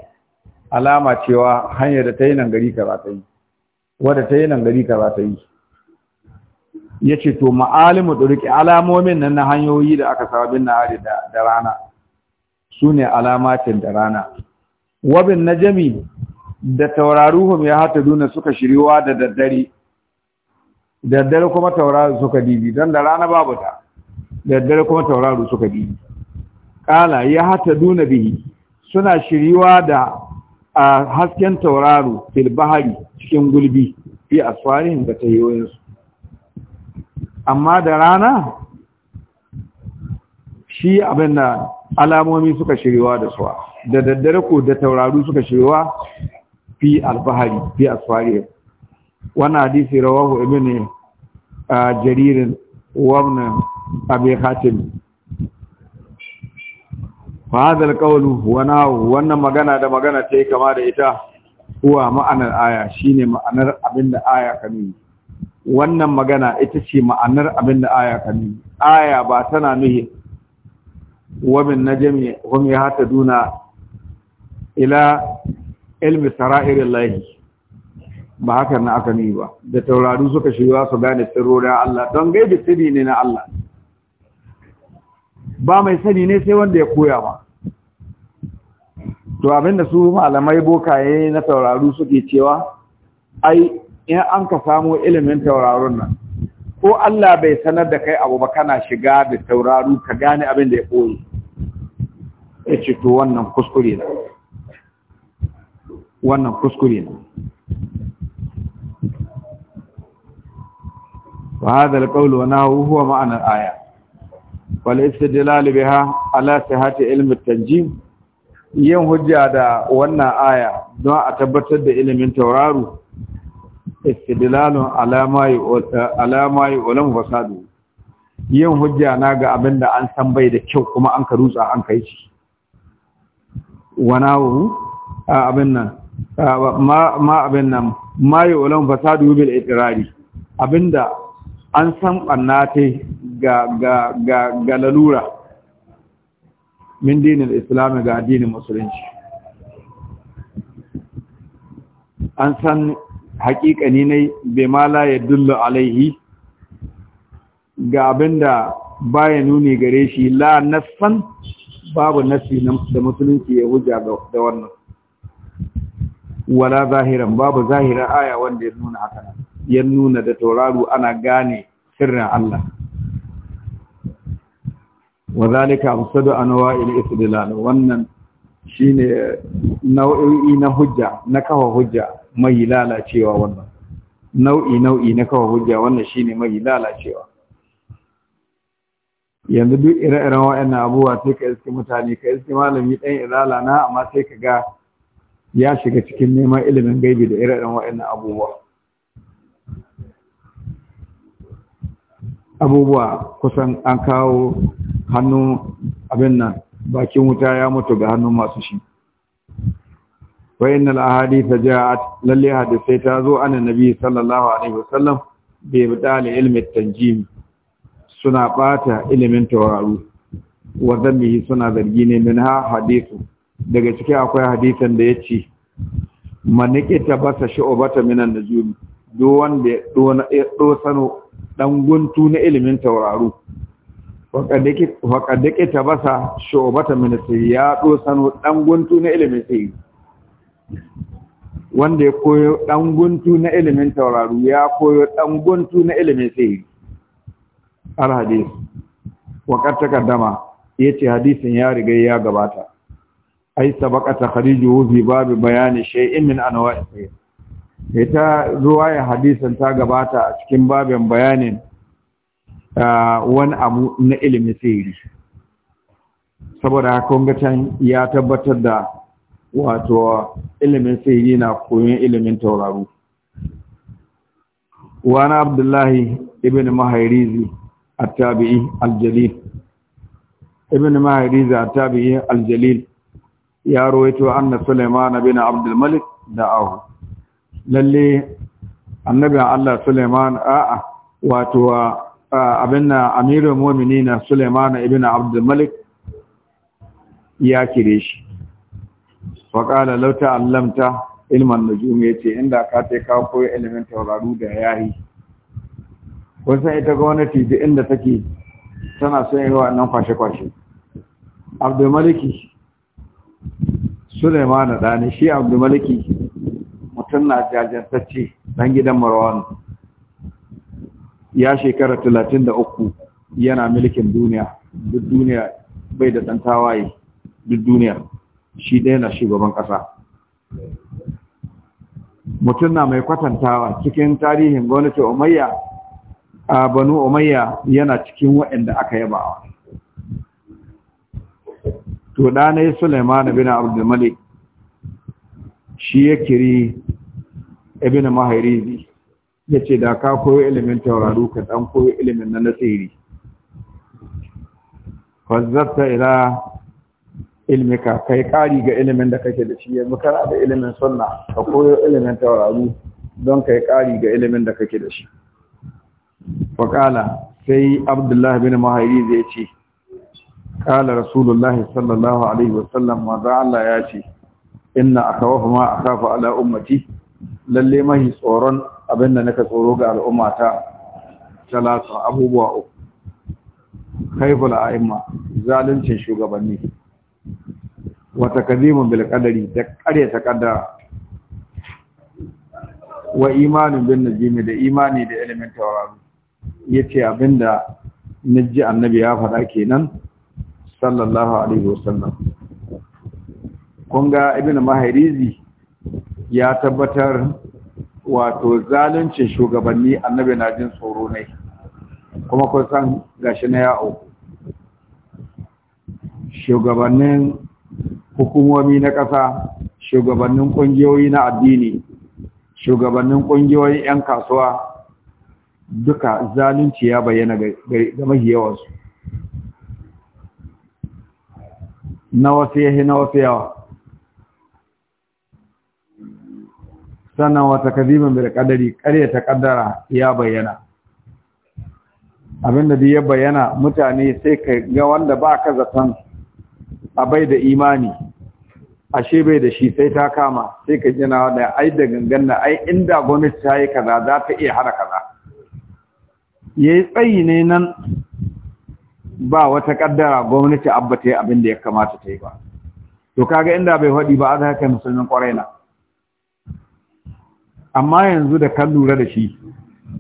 alama cewa hanyar da ta yi nan gari ka za ta yi wadda ta yi nan gari ka za ta yi ya ce to ma'alimu ɗuriki alamomin nan na hanyoyi da aka sababin na hari da rana su ne alamacin da rana wabin na jami da tauraruhum ya hata duna suka shiriwa da daddare daddare kuma tauraru suka dibi don da rana babu ta daddare kuma tauraru suka dibi kala ya hata duna bihi suna shiriwa da a hasken tauraru fil bahari cikin gulbi fi asfarin ga tayoyinsu amma da rana shi abin da alamomi suka shirewa da suwa da daddare ko da taurari suka shirewa fi alfahari fi asfari wannan hadisi rawahu ibn jaririn wabn abi hatim fa hadha alqawlu wannan magana da magana yi kama da ita huwa ma'anar aya shine ma'anar abin da aya kamini wannan magana ita ce ma'anar abin da aya kan aya ba tana nuhi wamin najmi hum yahtaduna ila ilmi sara'irillahi ba haka na aka nuni ba da taurari suka shiga su gane sirrorin Allah don gaibi sirri ne na Allah ba mai sani ne sai wanda ya koya ba to abinda su malamai bokaye na tauraru suke cewa ai in an ka samu ilimin tauraron nan ko Allah bai sanar da kai abu ba kana shiga da tauraro ka gane abin da ya koyi ya ce to wannan kuskure ne wannan kuskure ne وهذا القول ونحوه هو معنى الآية والاستدلال Ala على صحة علم tanjim yin hujja da wannan aya don a tabbatar da ilimin tauraro istidlalun alama alama ulam fasadu yin hujja na ga abin da an san bai da kyau kuma an ka rutsa an kai shi wana wu abin nan ma abin nan ma yi ulam fasadu bil itirari abinda an san banna ga ga ga ga lalura min dinin islam ga addinin musulunci an san haƙiƙani ne bai ma la ya dullu alaihi ga abin da baya nuni gare shi la nassan babu nassi da musulunci ya hujja da wannan wala zahiran babu zahiran aya wanda ya nuna haka ya nuna da tauraro ana gane sirrin Allah wazalika amsadu anwa'il istidlal wannan shine nau'i na hujja na kafa hujja mai lalacewa wannan nau'i nau'i na kawo hujja wannan shine mai lalacewa yanzu duk ire-iren waɗannan abubuwa sai ka iske mutane ka iske malami ɗan irala na amma sai ka ga ya shiga cikin neman ilimin gaibi da ire-iren waɗannan abubuwa abubuwa kusan an kawo hannu abin nan bakin wuta ya mutu ga hannun masu shi wa innal ahadith ja'at lalli hadisai ta zo anan nabi sallallahu alaihi wasallam bi bidali ilmi tanjim suna bata ilimin tawaru wa zambihi suna zargi ne ha hadithu daga ciki akwai hadisan da yace manike ta basa shu'bata minan najum Do wanda ya sano dan guntu na ilimin wa faƙaddake ta basa shobata ministry ya do sano dan guntu na ilimin tsiri wanda ya koyo ɗan guntu na ilimin tauraru ya koyo ɗan guntu na ilimin sihiri hadis wakar takaddama ya ce hadisin ya riga ya gabata ai sabaka ta khadiju fi babu bayani shay'in min anwa'i sihir ita ruwaya hadisin ta gabata a cikin babin bayanin wani abu na ilimin sihiri saboda haka can ya tabbatar da wato ilimin sihiri na koyon ilimin tauraro wana abdullahi ibn mahairizi at-tabi'i al-jalil ibn mahairizi at-tabi'i al-jalil ya rawaito anna sulaiman bin abd al-malik da'ahu lalle annabi Allah sulaiman a'a wato abinna amirul mu'minina sulaiman ibn abd malik ya kire shi faƙala lauta ta ta'allamta ilman nujum ce, inda ka ta kawo koyo ilimin tauraru da yayi wasan ita gwamnati da inda take tana son yi nan kwashe-kwashe abdulmaliki suleiman ɗani shi abdulmaliki mutum na jajantacce ɗan gidan marwan ya shekara talatin da uku yana mulkin duniya duk duniya bai da ɗan tawaye duk duniya shi ɗaya na shugaban ƙasa mutum na mai kwatantawa cikin tarihin gwamnati umayya a banu umayya yana cikin waɗanda aka yabawa to ɗanai suleiman bin abdulmalik shi ya kiri ibn mahairizi ya ce da ka koyo ilimin tauraru ka ɗan koyo ilimin na nasiri fazzarta ila ka, kai ƙari ga ilimin da kake da shi yanzu kana da ilimin sunna ka koyo ilimin tauraru don kai ƙari ga ilimin da kake da shi faƙala sai abdullahi bin mahairi zai ce ƙala rasulullahi sallallahu alaihi wasallam maza Allah ya ce inna akawafa ma akafa ala ummati lalle mahi tsoron abin da naka tsoro ga al'ummata talata abubuwa uku kaifula a'imma zaluncin shugabanni wata takzimun bil da kare ta wa imanin bin najimi da imani da ilimin Ya yace abinda naji annabi ya faɗa kenan sallallahu alaihi wasallam kunga ibn ya tabbatar wato zaluncin shugabanni annabi na jin tsoro ne kuma kun san gashi na ya'o shugabannin hukumomi na ƙasa shugabannin ƙungiyoyi na addini shugabannin ƙungiyoyin 'yan kasuwa duka zalunci ya bayyana ga mahi yawansu na wasu yahi na wasu yawa sannan wata kazimin bil kadari ta kaddara ya bayyana abinda da ya bayyana mutane sai ka ga wanda ba ka zaton a bai da imani ashe bai da shi sai ta kama sai ka jina da ai da gangan na ai inda gwamnati ta yi kaza za ta iya hana kaza ya yi tsayi ne nan ba wata ƙaddara gwamnati abba ta yi abin da ya kamata ta yi ba to kaga inda bai faɗi ba a yi musulmin kwarai na amma yanzu da kan lura da shi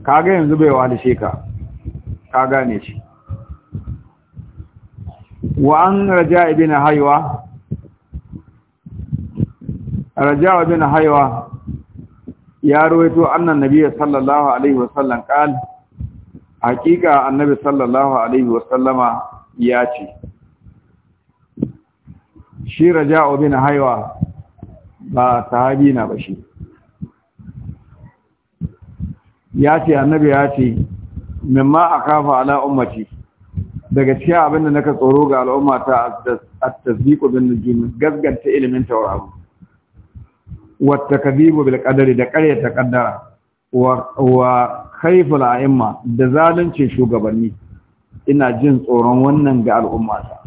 kaga yanzu bai shi ka ka gane shi وعن رجاء بن حيوة رجاء بن حيوة يا رويتو أن النبي صلى الله عليه وسلم قال حقيقة النبي صلى الله عليه وسلم ياتي شي رجاء بن haiwa با sahabi بشي ياتي النبي ياتي مما أخاف على أمتي daga cikin abin da naka tsoro ga al'umma ta tasdiqu bin nujum gaskanta ilimin tauraro wa takdibu bil qadari da kare ta kaddara wa wa khayful a'imma da zalunci shugabanni ina jin tsoron wannan ga al'umma ta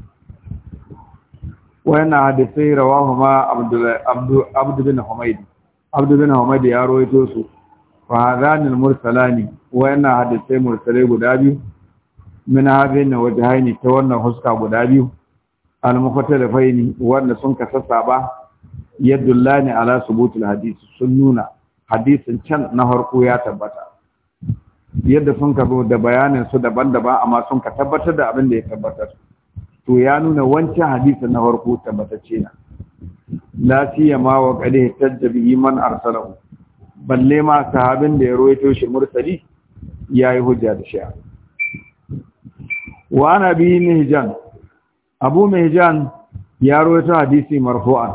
wannan hadisi rawahuma abdul abdu bin humaydi abdu bin humaydi ya rawaito su fa hadanil mursalani wannan hadisi mursalai guda biyu min waje-haini ta wannan huska guda biyu al da faini wanda sun kasassa ba yadullani ala subutul hadisi sun nuna hadisin can na harko ya tabbata yadda sun ka zo da bayanin su daban-daban amma sun ka tabbatar da abin da ya tabbatar to ya nuna wancan hadisin na harko tabbatacce na Lafiya ma wa qad tajjabi man arsalahu balle ma sahabin da ya rawaito shi mursali yayi hujja da shi wa ana bi mihjan abu mihjan ya rawaito hadisi marfu'an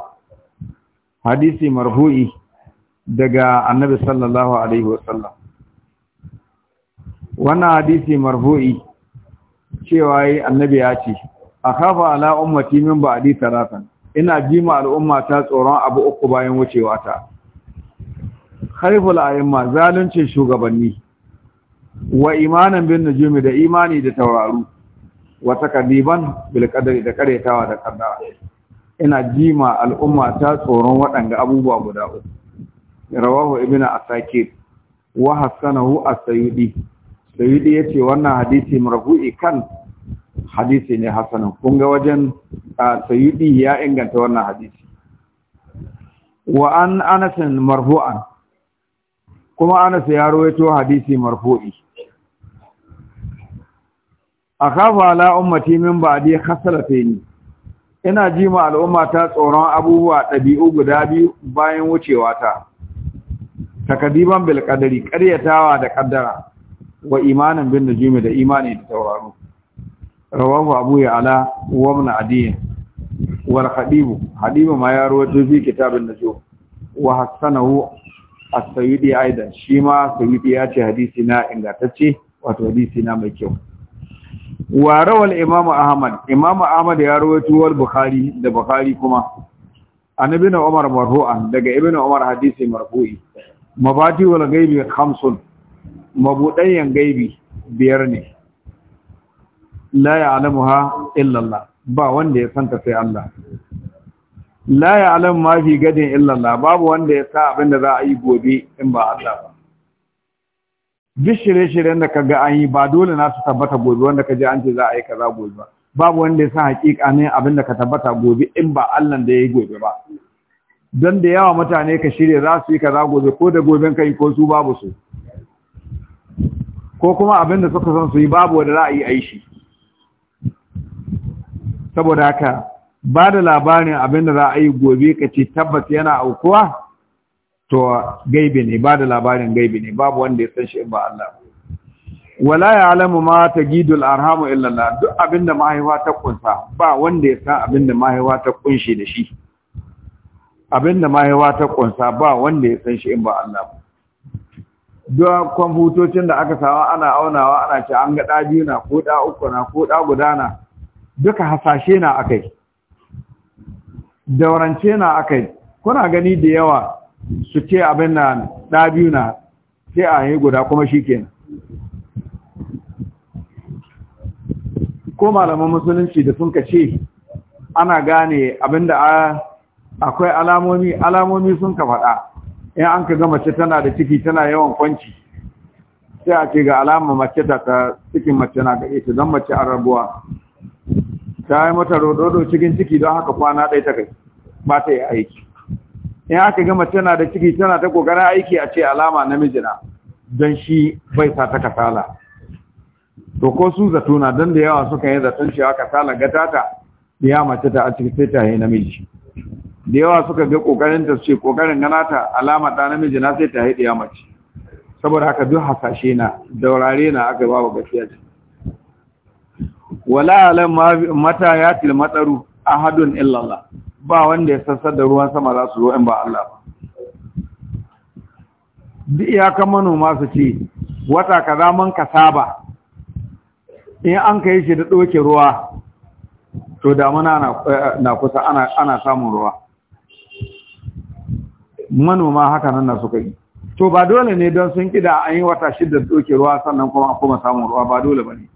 hadisi marfu'i daga annabi sallallahu alaihi wasallam wannan hadisi marfu'i cewa yi annabi ya ce akhafa ala ummati min ba'di talatan ina jima al'umma ta tsoron abu uku bayan wucewa ta khaiful a'imma zaluncin shugabanni wa imanin bin nujumi da imani da tauraro. wata kadiban bilkadari da karetawa da kaddara ina jima al'umma ta tsoron waɗanga abubuwa guda uku rawahu ibnu asakir wa hasanahu as-sayyidi sayyidi yace wannan hadisi marfu'i kan hadisi ne hasanan kun ga wajen sayyidi ya inganta wannan hadisi wa an anas marfu'an kuma anas ya rawaito hadisi marfu'i akhafu ala ummati min ba'di khasalatayn ina ji ma al'umma ta tsoron abubuwa ɗabi'u guda biyu bayan wucewa ta takadiban bil qadari ƙaryatawa da ƙaddara. wa imanin bin nujumi da imani da tauraro rawahu abu ya ala wa ibn adiy wal hadib ma ya rawaito fi kitabin nujum wa hasanahu as-sayyidi aidan shi ma sayyidi ya ce hadisi na ingantacce wato hadisi na mai kyau wa rawal imamu ahmad imamu ahmad ya rawaito wal bukhari da bukhari kuma annabi na umar marfu'an daga ibnu umar hadisi marfu'i mabati wal ghaibi khamsun mabudayan gaibi biyar ne la ya'lamuha illa Allah ba wanda ya santa sai Allah la ya'lamu ma fi gadin illa Allah babu wanda ya sa abinda za a yi gobe in ba Allah ba duk shirye-shiryen da kaga an yi ba dole na su tabbata gobe wanda ka je an ce za a yi kaza gobe ba babu wanda ya san hakika ne abin da ka tabbata gobe in ba Allah da ya yi gobe ba don da yawa mutane ka shirya za su yi kaza gobe ko da goben ka yi ko su babu su ko kuma abin da suka san su yi babu wanda za a yi a shi saboda haka ba da labarin abin da za a yi gobe ka ce tabbas yana aukuwa to gaibi ne ba da labarin gaibi ne babu wanda ya san shi in ba Allah wala ya'lamu ma tajidul arhamu illa Allah duk abinda mahaifa ta kunsa ba wanda ya san abinda mahaifa ta kunshi da shi abinda mahaifa ta kunsa ba wanda ya san shi in ba Allah duk kwamfutocin da aka sawa ana aunawa ana ce an ga ɗa biyu na ko ɗa uku na ko ɗa guda na duka hasashe na akai daurance na akai kuna gani da yawa su ce abin na ɗa biyu na sai a yi guda kuma shi kenan ko malaman musulunci da sun ce ana gane abin da akwai alamomi alamomi sun ka faɗa in an ka gama ce tana da ciki tana yawan kwanci sai a ce ga alama mace ta ta cikin mace na ga ita don mace an rabuwa ta yi mata rododo cikin ciki don haka kwana ɗaya ta kai ba ta yi aiki in aka gama tana da ciki tana ta kokarin aiki a ce alama namiji na don shi bai sa ta kasala to ko su zato na don da yawa suka yi zaton cewa kasala gata ta ya mace ta a ciki sai ta yi namiji da yawa suka ga kokarin ta ce kokarin gana ta alama ta namiji na sai ta yi ya mace saboda haka duk hasashe na daurare na aka babu gaskiya ce wala alam mata ya til mataru ahadun illallah ba wanda ya sassar da ruwan sama za su zo in ba Allah ba duk iyakan manoma su ce wata za man ka saba in an ka yi shi da ɗoke ruwa to damuna na kusa ana samun ruwa manoma haka nan na suka yi to ba dole ne don sun kida an yi wata shidda ɗoke ruwa sannan kuma a kuma samun ruwa ba dole ba ne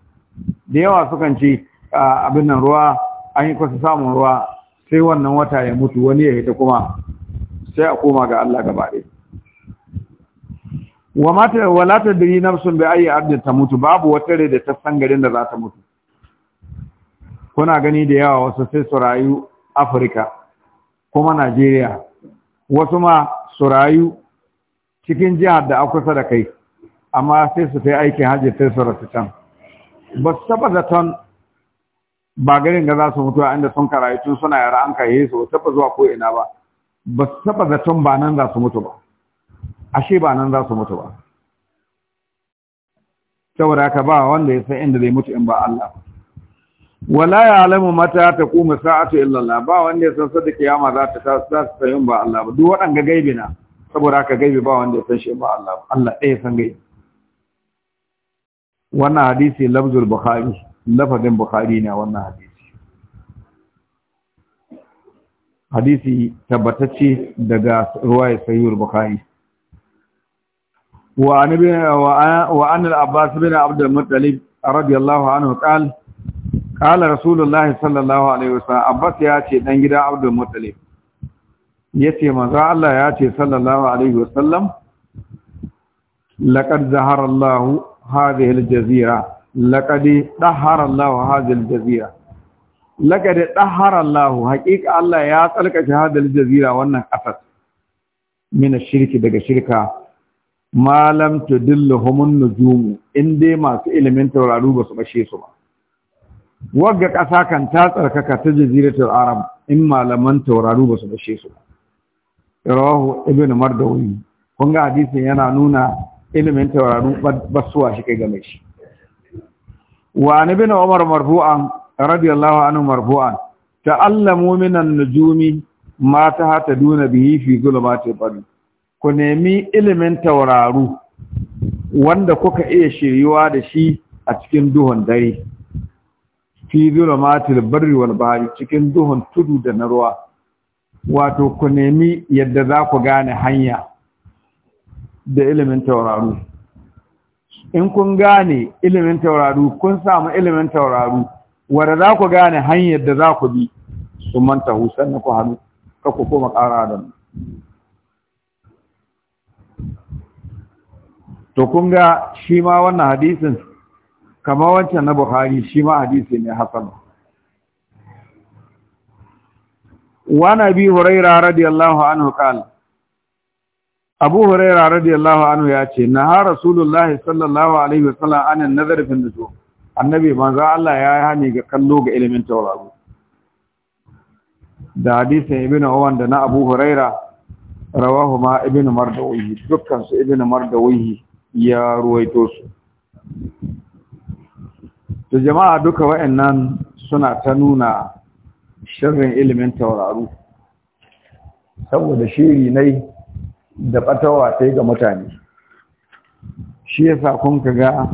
da yawa sukan ce abin nan ruwa an yi kusa samun ruwa sai wannan wata ya mutu wani ya hita kuma sai a koma ga Allah gaba ɗaya wa mata wala tadri nafsun bi ayi ardin ta mutu babu wata rai da ta san garin da za ta mutu kuna gani da yawa wasu sai su rayu Afirka kuma Najeriya wasu ma su rayu cikin jihar da akusa da kai amma sai su kai aikin hajji sai su rasu can ba su taba zaton ba garin da za su mutu a inda sun karayi tun suna yara an kai su taba zuwa ko ina ba ba su taba zaton ba nan za su mutu ba ashe ba nan za su mutu ba saboda haka ba wanda ya san inda zai mutu in ba Allah wala alamu mata kuma sa'atu illa Allah ba wanda ya san sadda kiyama za ta za ta tsayin ba Allah ba duk waɗanga gaibi na saboda haka gaibi ba wanda ya san shi ba Allah Allah ɗaya san gaibi wannan hadisi lafzul bukhari lafazin bukhari na wannan hadisi hadisi tabbatacce daga ruwaya sayyid bukhari wa annabi wa an al-abbas bin abd al-muttalib radiyallahu anhu qala qala rasulullahi sallallahu alaihi wasallam abbas ya ce dan gidan abd al-muttalib yace manzo Allah ya ce sallallahu alaihi wasallam laqad zahara Allah hadhihi al-jazira Lakade dahara Allahu hadhihi jazira laqad dahara Allahu haƙiƙa Allah ya tsarkake hadhihi al-jazira wannan kasar min shirki daga shirka malam tudilluhum an-nujum in dai masu ilimin tauraru ba su bashe su ba wagga ƙasa kan ta tsarkaka ta jaziratul arab in malaman tauraru ba su bashe su rawahu ibn mardawi kun ga hadisin yana nuna ilimin tauraru ba suwa shi kai game shi wa ni bin umar marfu'an radiyallahu anhu marfu'an ta'allamu minan nujumi ma ta duna bihi fi gulmati bari ku nemi ilimin tauraru wanda kuka iya shiryuwa da shi a cikin duhun dare fi zulmatil barri wal bahri cikin duhun tudu da na ruwa wato ku nemi yadda za ku gane hanya da ilimin tauraru in kun gane ilimin tauraru kun samu ilimin tauraru wanda za ku gane hanyar da za ku bi sun manta husan na ka ku koma ƙara da mu to kun ga shi ma wannan hadisin kama wancan na buhari shi ma hadisi ne hasan wa nabi hurairah radiyallahu anhu qala abu huraira radiyallahu anhu ya ce na ha rasulullahi sallallahu alaihi wasallam anan nazar fi nujum annabi manzo Allah ya yi hani ga kallo ga ilimin tauraro da hadisin ibn Umar da na Abu Huraira rawahu ma ibn Mardawi dukkan su ibn Mardawi ya ruwaito su to jama'a duka wayannan suna ta nuna shirin ilimin tauraro saboda shiri nai da batawa ta ga mutane shi ya sa kun ka ga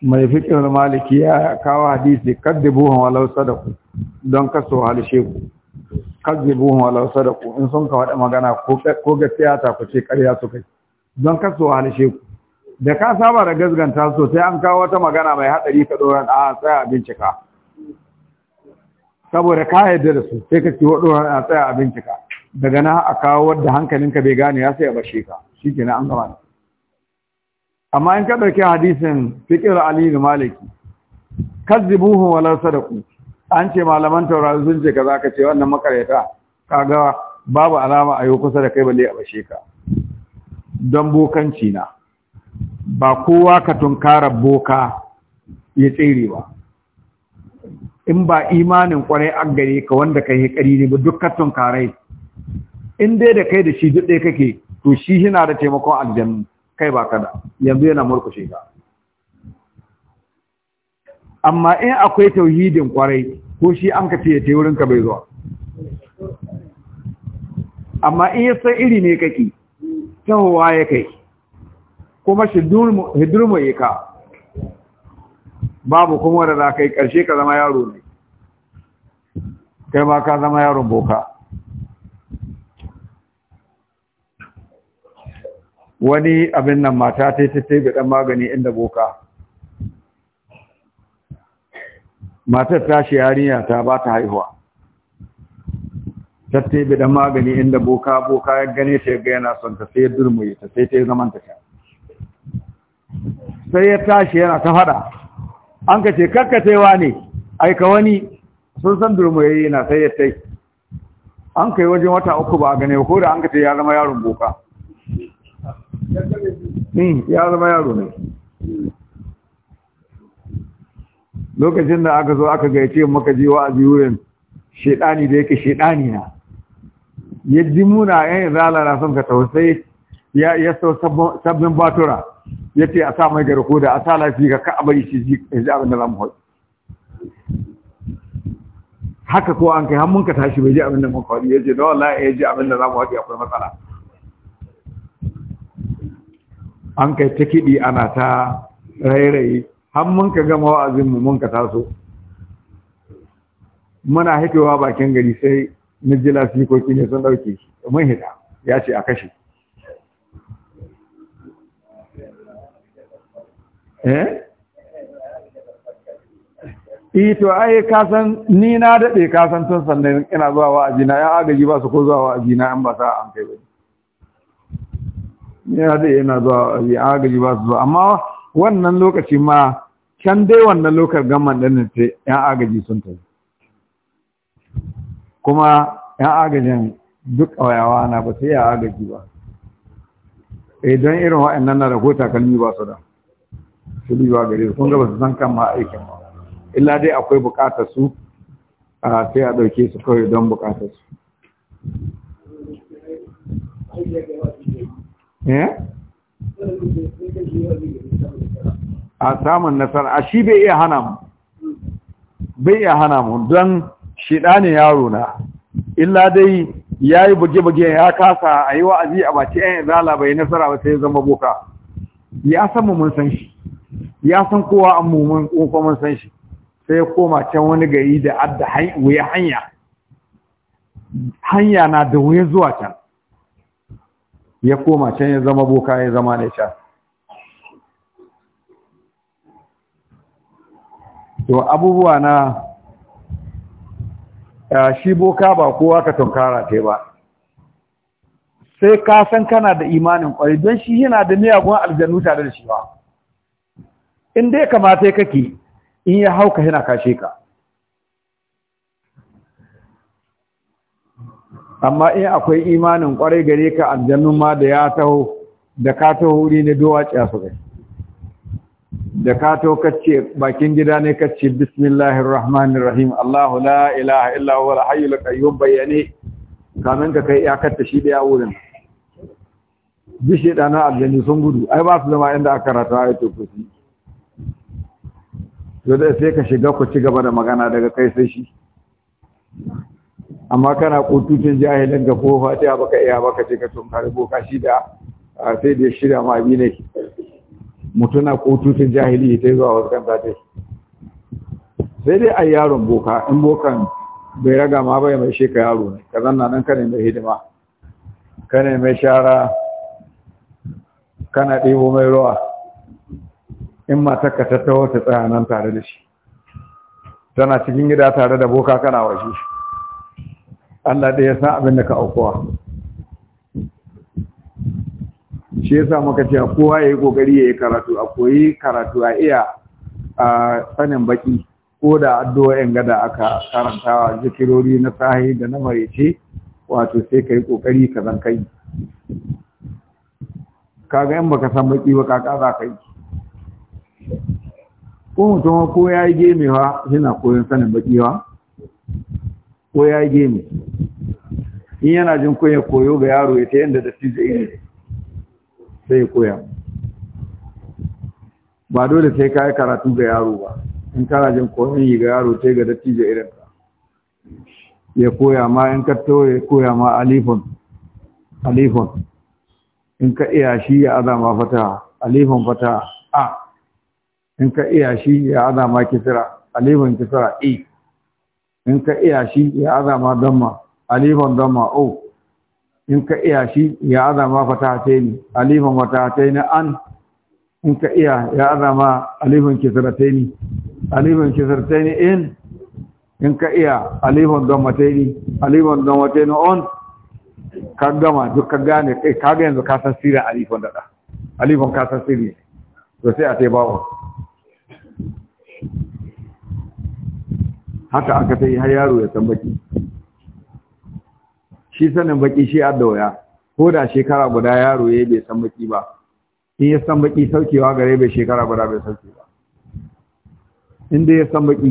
mai fikin maliki ya kawo hadisi 'Kadda buhun walau sadaku don kaso halishe ku buhun walau sadaku in sun ka waɗa magana ko ga ta ku ce ƙarya su kai don kaso halishe ku da ka saba da gazganta so sai an kawo wata magana mai haɗari ka doran a tsaya bincika saboda ka yarda da su sai ka ci wadoran a tsaya bincika daga na a kawo wadda hankalinka bai gane ya sai a bashe ka shi ke na an gama amma in ka ɗauki hadisin fikir ali da maliki kazzibuhu walar sadaku an ce malaman taurari sun ce ka za ka ce wannan makareta kaga babu alama a yi kusa da kai balle a bashe ka don bokanci na ba kowa ka tunkara boka ya tsere ba in ba imanin kwarai an gare ka wanda ka yi kari ne ba duk ka tunkarai in dai da kai da shi duk ɗaya kake to shi yana da taimakon aljannu kai ba kada yanzu yana murkushe ka amma in akwai tauhidin kwarai ko shi an ka fiye ka bai zuwa amma in ya iri ne kake tahowa ya kai kuma hidurmu ya ka babu kuma da za ka yi ƙarshe ka zama yaro ne kai ma ka zama yaron boka wani abin nan mata ta ta ta ɗan magani inda boka matar ta shi yarinya ta ba ta haihuwa ta ta ɗan magani inda boka boka ya gane ta ga yana son ta sai ya durmuye ta sai ta yi zaman ta sai ya tashi yana ta fada an ka ce karkatewa ne aika wani sun san durmuye yana sai ya tai an kai wajen wata uku ba a gane ko da an ka ce ya zama yaron boka Hmm, ya zama yaro ne lokacin da aka zo aka gaice maka ji wa'azi wurin shedani da yake shedani na yaji muna eh, yan zala na son ka tausayi ya ya so sabbin batura ya ce a sa mai garko da a sa lafi ka ka bari shi ji abin da zamu haɗu. haka ko an kai hannun ka tashi bai ji abin da muka ya yace da wallahi ya ji abin da zamu ya akwai matsala an kai ta kiɗi ana ta rairayi har mun ka gama wa'azin mu mun ka taso muna hitowa bakin gari sai na jila sikoki ne sun ɗauke shi mun hita ya ce a kashe eh? eh to ai ka san ni na daɗe ka san tun sannan ina zuwa wa'azina, ya agaji ba su ko zuwa wa'azina, na an ba sa an kai ba yana da yana zuwa ya agaji ba su zuwa amma wannan lokaci ma can dai wannan lokar gaman ɗin ce yan agaji sun tafi kuma yan agajin duk ƙawayawa na ba sai ya agaji ba idan eh, irin wa'annan na rahota takalmi ba su da su liwa gare su gaba su san kan ma ba illa dai akwai buƙatar su a sai a ɗauke su kawai don buƙatar su Eh? a samun nasara a shi bai iya hana mu bai iya hana mu don shida ne yaro na illa dai ya yi buge-buge ya kasa a yi wa'azi a baci ‘yan eh, izala bai nasara ba sai zama boka ya san mun san shi ya san kowa an mummun kofa mun san shi sai ya koma can wani gari da adda wuya hanya hanya na da wuya zuwa can ya koma can ya zama boka ya zama da sha to abubuwa na shi boka ba kowa ka tunkara ta ba sai ka san kana da imanin kwari don shi yana da miyagun aljanu tare da shi ba in dai kamata kake in ya hauka yana kashe ka amma in akwai imanin kwarai gare ka aljannun ma da ya taho da ka taho wuri ne dowa ce a kai da ka taho kacce bakin gida ne kacce bismillahir rahmanir rahim Allahu la ilaha illa huwa hayyul qayyum bayyane kamin ka kai iyakar ta shi da wurin bishe dana aljannu sun gudu ai ba su zama inda aka rata to kusi to da sai ka shiga ku ci gaba da magana daga kai sai shi amma kana kututun jahilin da ko fatiha baka iya baka ce ka tun karbo ka shi da sai da shirya ma bi ne mutuna kututun jahili ta zuwa wasu kan shi sai dai a yaron boka in bokan bai raga ma bai mai sheka yaro ne ka zanna nan kane mai hidima kane mai shara kana ɗebo mai ruwa in matarka ta tattawa ta tsaya nan tare da shi tana cikin gida tare da boka kana waje shi Allah da ya san abin da ka aukuwa shi yasa muka ce kowa ya yi kokari ya yi karatu a koyi karatu a iya a sanin baki ko da addu'o'in gada aka karanta wa zikirori na sahi da na marece wato sai ka yi kokari ka zan kai kaga in baka san baki ba kaka za ka yi ko mutum ko ya yi gemewa yana koyon sanin bakiwa ko ya yi gemi in yana jin kunya koyo ga yaro ya ta yadda da su zai ne sai ya koya ba dole sai ka yi karatu ga yaro ba in kana jin koyon yi ga yaro ta yi ga dattijo irin ka ya koya ma in ka to ya koya ma alifon alifon in ka iya shi ya azama fata alifon fata a in ka iya shi ya azama kisira alifon kisira e in ka iya shi ya azama damma alifan damma o oh. in ka iya shi ya azama ni, alifan ni an in ka iya ya azama alifan ni, alifan ni in in ka iya alifan ni, alifan ni on ka gama duk ka gane kai eh, ka ga yanzu ka san sirrin alifan dada alifan ka san sirri to sai a tai bawo haka aka ta yi har yaro ya san baki shi sanin baki shi adda waya ko da shekara guda yaro ya bai san baki ba in ya san baki saukewa gare bai shekara guda bai sauke ba inda ya san baki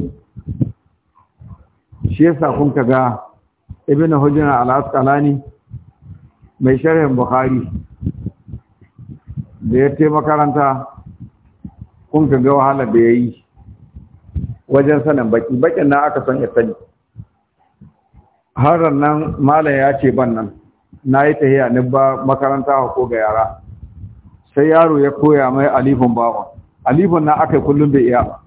shi yasa kun ka ga ibnu hujjan al-asqalani mai sharhin bukhari da ya taimaka makaranta kun ka ga wahala da ya yi. wajen sanin baki bakin nan aka son ya sani harar nan malam ya ce ban nan na yi tahiya ni ba makaranta ko ga yara sai yaro ya koya mai alifin bawon alifin nan aka kullum bai iya ba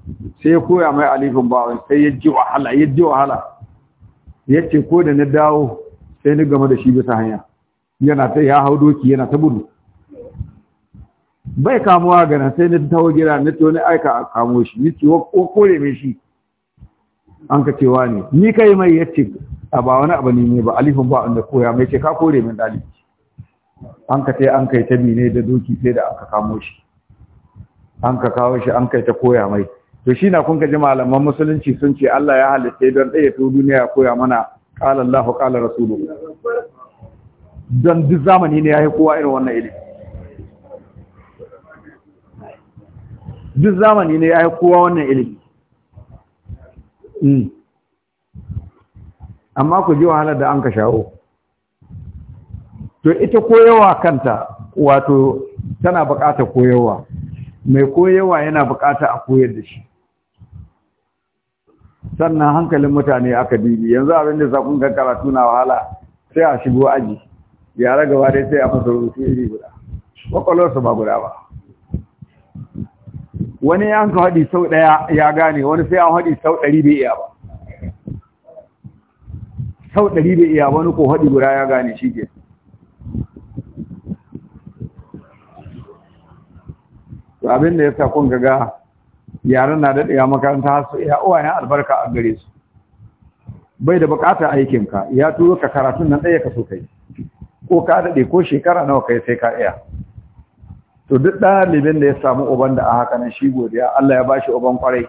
sai ya koya mai alifin bawon sai ya ji wahala ya ji wahala ya ce ko da na dawo sai ni game da shi bisa hanya yana ta ya hau doki yana ta budu. bai kamuwa ga sai na tawo gida na to aika a kamo shi ni ce ko kore mai shi an ka cewa ne ni kai mai yace a ba wani abu ne ba alifin ba wanda koya mai ce ka kore min dalibi an ka tai an kai ta bi ne da doki sai da aka kamo shi an ka kawo shi an kai ta koya mai to shi na kun ka ji malaman musulunci sun ce Allah ya halitta don ɗaya to duniya koya mana ƙalan Allahu ƙalan rasuluhu don duk zamani ne ya yi kowa irin wannan ilimi duk zamani ne ya yi kowa wannan ilimi hmm. amma ku ji wahalar da an ka shawo to ita koyawa kanta wato tana bukata koyawa mai koyawa yana bukata a koyar da shi sannan hankalin mutane aka bibi, yanzu abin da zakun ga karatu wahala sai a shigo aji yara gaba dai sai a fasa iri guda kwakwalwarsa ba guda ba wani ya hanka haɗi sau ɗaya ya gane wani sai an haɗi sau ɗari bai iya ba sau ɗari bai iya wani ko haɗi guda ya gane shi ke to abin da ya sa kun ga yaran na daɗe ya makaranta har su iya ya albarka a gare su bai da buƙatar aikinka ya turo ka karatun nan ɗaya ka so kai ko ka daɗe ko shekara nawa kai sai ka iya to duk ɗalibin da ya samu uban da a haka nan shi godiya Allah ya ba shi uban kwarai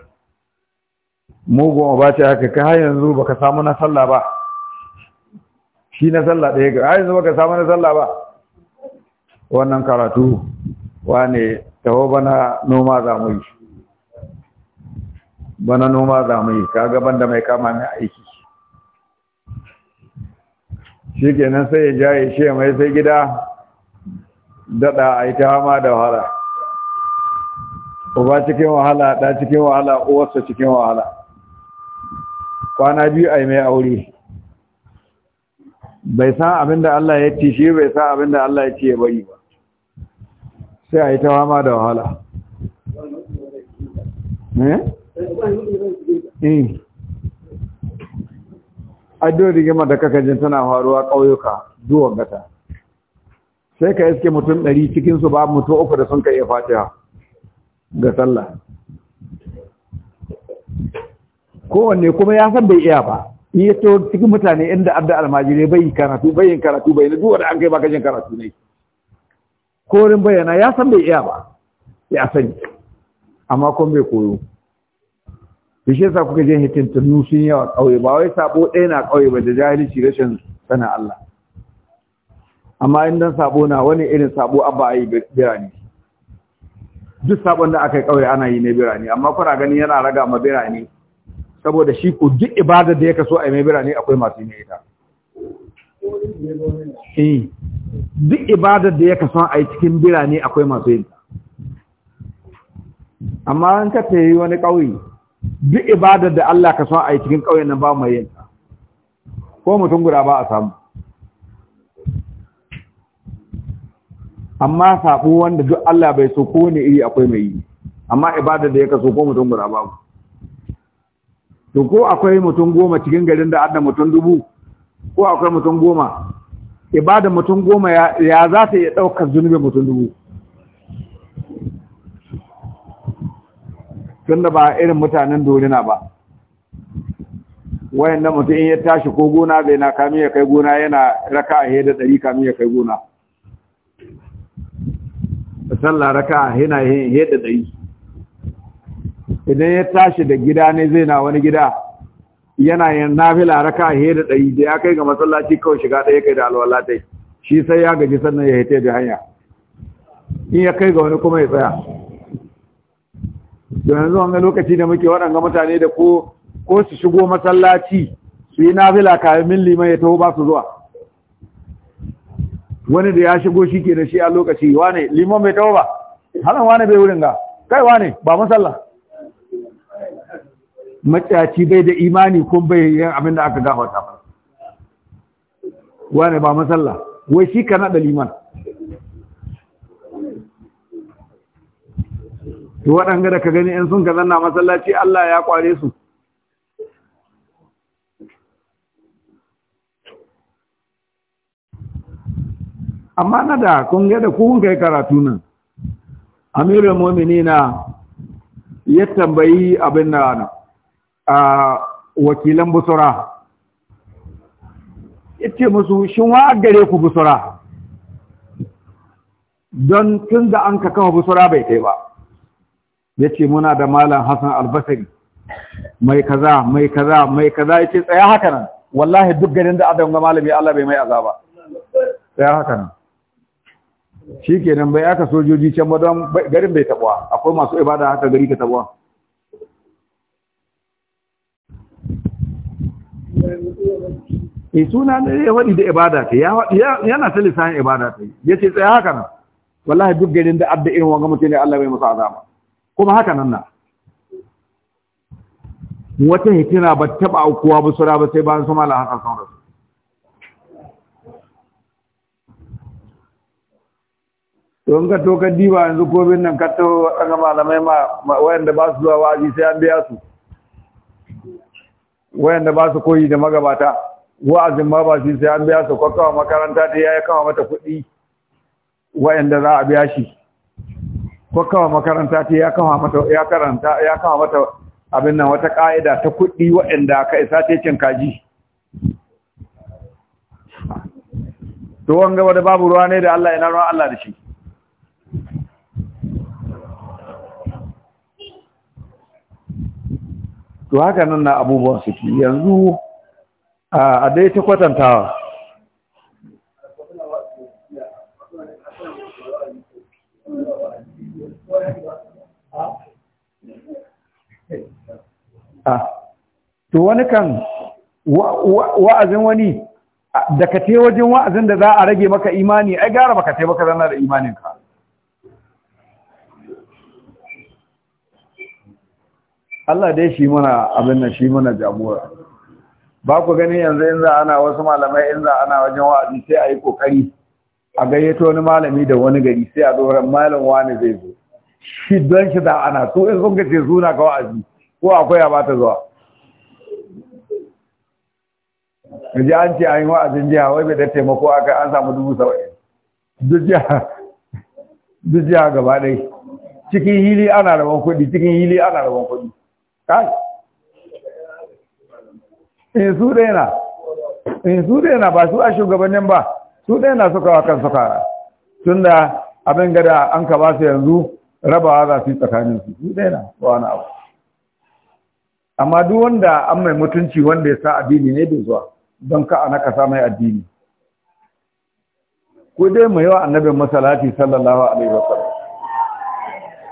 mugun uba ce haka ka yanzu yanzu baka samu na sallah ba shi na sallah ɗaya ga yanzu ba baka samu na sallah ba wannan karatu wane taho bana noma za mu yi bana noma za mu yi ka gaban da mai kama ne aiki shi kenan sai ya jaye shi mai sai gida Dada a yi ta hama da wahala uba cikin wahala da cikin wahala uwarsa cikin wahala kwana biyu a yi mai aure bai san abin da Allah ya ci shi bai san abin da Allah ya ce ya bari ba sai a yi ta hama da wahala eh? Eh. addu'ar rigima da kakajin tana faruwa ƙauyuka zuwa gata sai ka iske mutum ɗari cikinsu ba mutum uku da sun ka iya fatiha ga sallah kowanne kuma ya san bai iya ba in to cikin mutane inda adda almajire bai yi karatu bai yin karatu bai na da an kai baka jin karatu ne korin bayyana ya san bai iya ba ya sani amma kuma bai koyo shi sa kuka je tunu sun yawa ƙauye ba wai sabo ɗaya na ƙauye ba da jahilci rashin sana Allah amma in dan sabo na wani irin sabo abba ayi birane duk sabon da aka yi kauye ana yi ne birane amma kuna ganin yana raga ma birane saboda shi ko duk ibada da ya kaso a mai birane akwai masu yi ita eh duk ibadar da ya kaso a cikin birane akwai masu yi amma an ka tayi wani kauye duk ibadar da Allah ka so a cikin kauyen nan ba mai yin ko mutum guda ba a samu amma saɓo wanda duk Allah bai so ko ne iri akwai mai yi amma ibada da ya kaso ko mutum guda babu to ko akwai mutum goma cikin garin da adda mutum dubu ko akwai mutum goma ibada mutum goma ya za ta iya ɗaukar zunubin mutum dubu tun da ba irin mutanen dorina ba wayan da mutum in ya tashi ko gona zai na kami ya kai gona yana raka a da ɗari kami ya kai gona sallah raka yana yadda ɗari idan ya tashi da gida ne zai na wani gida yana yin nafila raka yadda ɗari da ya kai ga masallaci kawai shiga ɗaya kai da alwala dai shi sai ya gaji sannan ya haite da hanya in ya kai ga wani kuma ya tsaya don yanzu wani lokaci da muke waɗanga mutane da ko su shigo masallaci su yi nafila kayan min liman ya taho ba su zuwa wani da ya shigo shi ke da shi a lokaci wane limon bai tawo ba halan wane bai wurin ga kai wane ba matsala matsaci bai da imani kun bai yin abin da aka gafarta ba wane ba matsala wai shi ka naɗa liman to waɗanga da ka gani in sun ka zanna masallaci Allah ya kware su amma na da kun da kun kai karatu nan amirul mu'minina ya tambayi abin da a wakilan busura yace musu shin wa gare ku busura don tun da an ka kawo busura bai kai ba yace muna da malam Hassan Albasari mai kaza mai kaza mai kaza yace tsaya haka nan wallahi duk garin da adam ga malami Allah bai mai azaba tsaya haka nan shi kenan bai aka sojoji can madon don garin bai tabuwa akwai masu ibada haka gari ka tabuwa e eh, suna ne ya waɗi da ibada ta yana ta lissahin ibada ta ya ce tsaya haka nan wallahi duk garin da adda irin wanga mutum ne Allah bai masa azama kuma haka nan na wata hitina ba taɓa aukuwa ba sura ba sai bayan su mala hakan sun don ka to ka diba yanzu kobin nan ka taho aka malamai ma wayanda ba su zuwa waji sai an biya su wayanda ba su koyi da magabata wa'azin ma ba su sai an biya su kwakwawa makaranta ta ya kama mata kuɗi wayanda za a biya shi kwakwawa makaranta ta ya kama mata ya karanta ya kama mata abin nan wata ka'ida ta kuɗi wayanda ka isa ta cin kaji to wanga wada babu ruwa ne da Allah ina ruwan Allah da shi to haka nan na abubuwan suke yanzu a dai ta kwatantawa to wani kan wa'azin wani da ka wajen wa'azin da za a rage maka imani ai gara baka te baka zana da imaninka Allah dai shi mana abin nan shi mana jagora ba ku gani yanzu in za ana wasu malamai in za ana wajen wa'azi sai a yi kokari a gayyato wani malami da wani gari sai a dora malam wani zai zo shi don shi da ana so in sun gace suna ka wa'azi ko akwai a ba ta zuwa kaji an ce an yi wa'azin jiha wai bai da taimako aka an samu dubu saba'in duk jiha duk jiha gaba ɗaya cikin hili ana rabon kuɗi cikin hili ana rabon kuɗi kai in eh, su daina in eh, su daina ba su a shugabannin ba su daina suka wa kan suka tun da abin gada an ka ba su yanzu rabawa za su yi tsakanin su su daina. ba wani abu amma duk wanda an mai mutunci wanda ya sa addini ne bai zuwa don ka a naka mai addini ko dai mu yawa annabin masalati sallallahu alaihi wasallam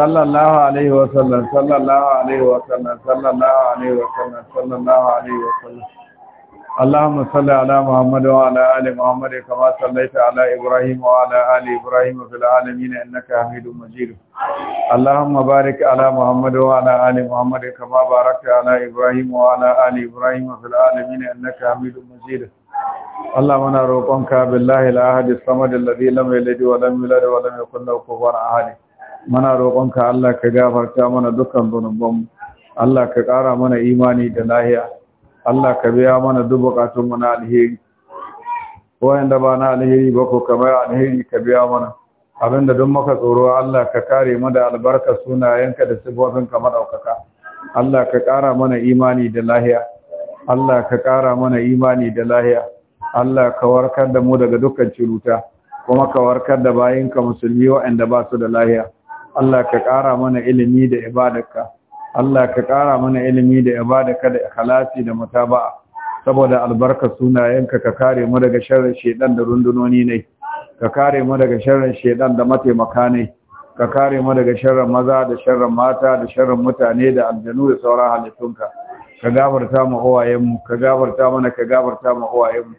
صلى الله عليه وسلم صلى الله عليه وسلم صلى الله عليه وسلم صلى الله عليه وسلم اللهم صل على محمد وعلى ال محمد كما صليت على ابراهيم وعلى ال ابراهيم في العالمين انك حميد مجيد اللهم بارك على محمد وعلى ال محمد كما باركت على ابراهيم وعلى ال ابراهيم في العالمين انك حميد مجيد اللهم انا روقك بالله الاحد الصمد الذي لم يلد ولم يولد ولم يكن له كفوا احد muna roƙonka Allah ka gafarta mana dukkan zunubanmu Allah ka ƙara mana imani da lahiya Allah ka biya mana duk buƙatunmu na alheri da ba na alheri ba ko kamar alheri ka biya mana abinda duk maka tsoro Allah ka kare mu da albarka sunayenka da sifofin ka madaukaka Allah ka ƙara mana imani da lahiya Allah ka ƙara mana imani da lahiya Allah ka warkar da mu daga dukkan ciruta kuma ka warkar da bayinka musulmi waɗanda ba su da lahiya Allah ka ƙara mana ilimi da ibadarka Allah ka ƙara mana ilimi da ibadarka da ikhlasi da mutaba'a saboda albarka sunayenka ka kare mu daga sharrin shedan da rundunoni ne ka kare mu daga sharrin shedan da mataimaka ne ka kare mu daga sharrin maza da sharrin mata da sharrin mutane da aljanu da sauran halittunka ka gafarta mu uwayenmu ka gafarta mana ka gafarta mu uwayenmu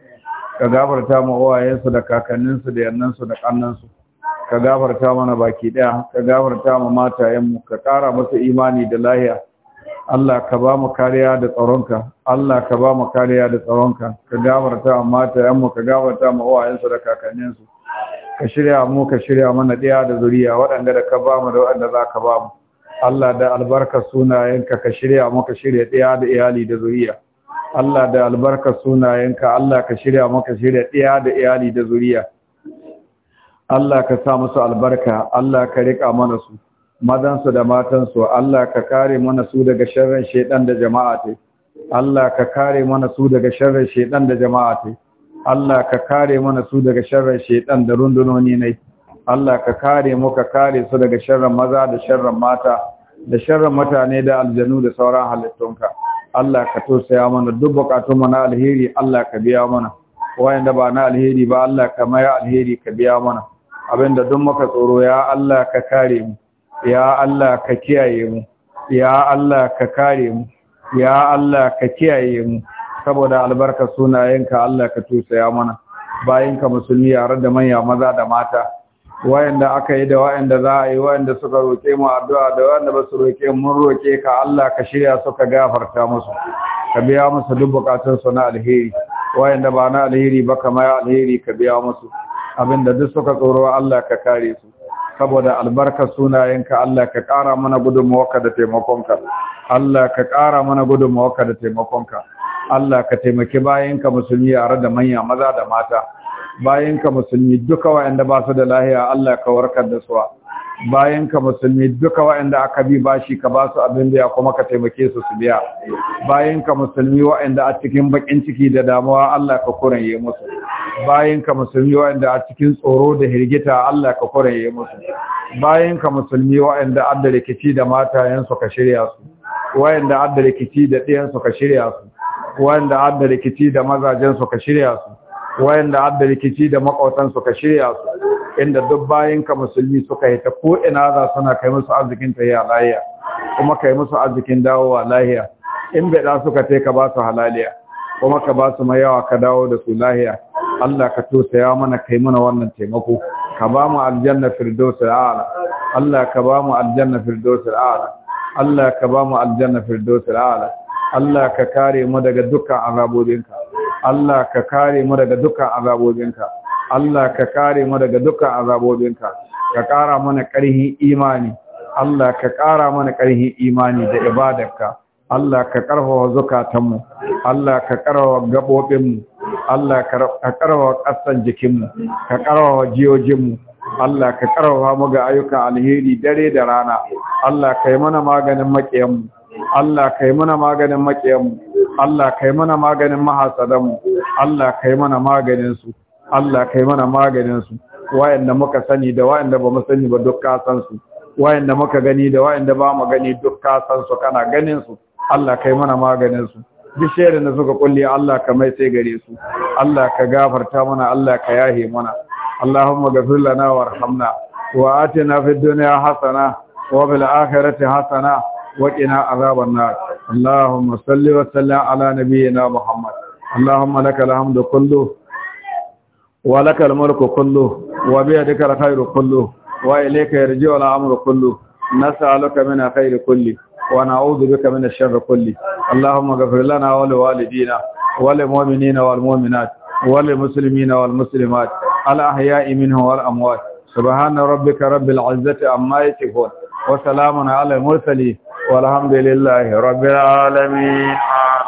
ka gafarta mu uwayensu da kakanninsu da yannansu da kannansu ka gafarta mana baki daya ka gafarta ma matayenmu ka ƙara masa imani da lahiya Allah ka ba mu kariya da tsaronka Allah ka ba mu kariya da tsaronka ka gafarta ma matayenmu ka gafarta ma uwayensu da kakanninsu ka shirya mu ka shirya mana ɗaya da zuriya waɗanda da ka ba mu da waɗanda za ka ba mu Allah da albarka sunayenka ka shirya mu ka shirya ɗaya da iyali da zuriya Allah da albarka sunayenka Allah ka shirya mu ka shirya ɗaya da iyali da zuriya Allah ka sa musu albarka Allah ka riƙa mana su madansu da matansu Allah ka kare mana su daga sharrin shaidan da jama'a ta Allah ka kare mana su daga sharrin shaidan da jama'a ta Allah ka kare mana su daga sharrin shaidan da rundunoni ne Allah ka kare mu ka kare su daga sharrin maza da sharrin mata da sharrin mutane da aljanu da sauran halittunka Allah ka tosaya mana duk bukatunmu na alheri Allah ka biya mana wayanda ba na alheri ba Allah ka maya alheri ka biya mana abinda duk muka tsoro ya Allah ka kare mu ya Allah ka kiyaye mu ya Allah ka kare mu ya Allah ka kiyaye mu saboda albarka sunayenka Allah ka tusaya mana bayinka musulmi yare da manya maza da mata wayanda aka yi da wayanda za a yi wayanda suka roke mu addu'a da wayanda ba su roke mun roke ka Allah ka shirya su ka gafarta musu ka biya musu duk bukatun na alheri wayanda ba na alheri ba kamar alheri ka biya musu abinda duk suka tsoro Allah ka kare su saboda albarka sunayenka Allah ka ƙara mana gudunmawarka da taimakonka Allah ka ƙara mana gudunmawarka da taimakonka Allah ka taimaki bayanka musulmi yare da manya maza da mata bayanka musulmi duka wa'anda ba su da lahiya Allah ka warkar da su bayan ka musulmi duka waɗanda aka bi bashi ka ba su abin biya kuma ka taimake su su biya bayan ka musulmi waɗanda a cikin bakin ciki da damuwa Allah ka kuraye musu bayan ka musulmi waɗanda a cikin tsoro da hirgita Allah ka kuraye musu bayan ka musulmi waɗanda adda rikici da su ka shirya su waɗanda adda rikici da ɗiyansu ka shirya su waɗanda adda rikici da mazajen su ka shirya su waɗanda adda rikici da su ka shirya su inda duk bayinka musulmi suka yi ta ko ina za suna kai musu arzikin ta yi halayya? kuma kai musu arzikin dawo dawowa lahiya in bada suka tai ka ba su halaliya kuma ka ba su yawa ka dawo da su lahiya Allah ka ya mana kai mana wannan taimako ka ba mu aljanna firdaus al'ala Allah ka ba mu aljanna firdaus al'ala Allah ka ba mu aljanna firdaus al'ala Allah ka kare mu daga dukkan azabobinka Allah ka kare mu daga dukkan azabobinka Allah ka kare mu daga dukkan azabobinka ka kara mana ƙarfin imani Allah ka kara mana ƙarhin imani da ibadarka Allah ka karfafa zukatanmu Allah ka karfafa gabobinmu Allah ka karfafa ƙasan jikinmu ka karfafa jiyojinmu Allah ka karfafa mu ga ayyukan alheri dare da rana Allah ka yi mana maganin maƙiyanmu Allah ka yi mana maganin maƙiyanmu Allah ka yi mana maganin mahasadanmu Allah ka yi mana maganin su Allah kai mana maganin su wayanda muka sani da wayanda ba mu sani ba duk ka san su wayanda muka gani da wayanda ba mu gani duk ka san su kana ganin su Allah kai mana maganin su duk sharin da suka kulle Allah ka mai sai gare su Allah ka gafarta mana Allah ka yahe mana Allahumma ghafir lana warhamna wa atina fid dunya hasana wa fil akhirati hasana wa qina azaban nar Allahumma salli wa sallim ala nabiyyina Muhammad Allahumma lakal hamdu kullu wa lakal mulku kullu wa bi yadika al-khayru kullu wa ilayka yarji'u al-amru kullu nas'aluka min khayri kulli wa na'udhu bika min ash-sharri kulli allahumma ighfir lana wa liwalidina wa mu'minina wal mu'minat wa lil muslimina wal muslimat al-ahya'i minhum wal amwat subhana rabbika rabbil 'izzati amma yasifun wa salamun 'alal mursalin والحمد لله رب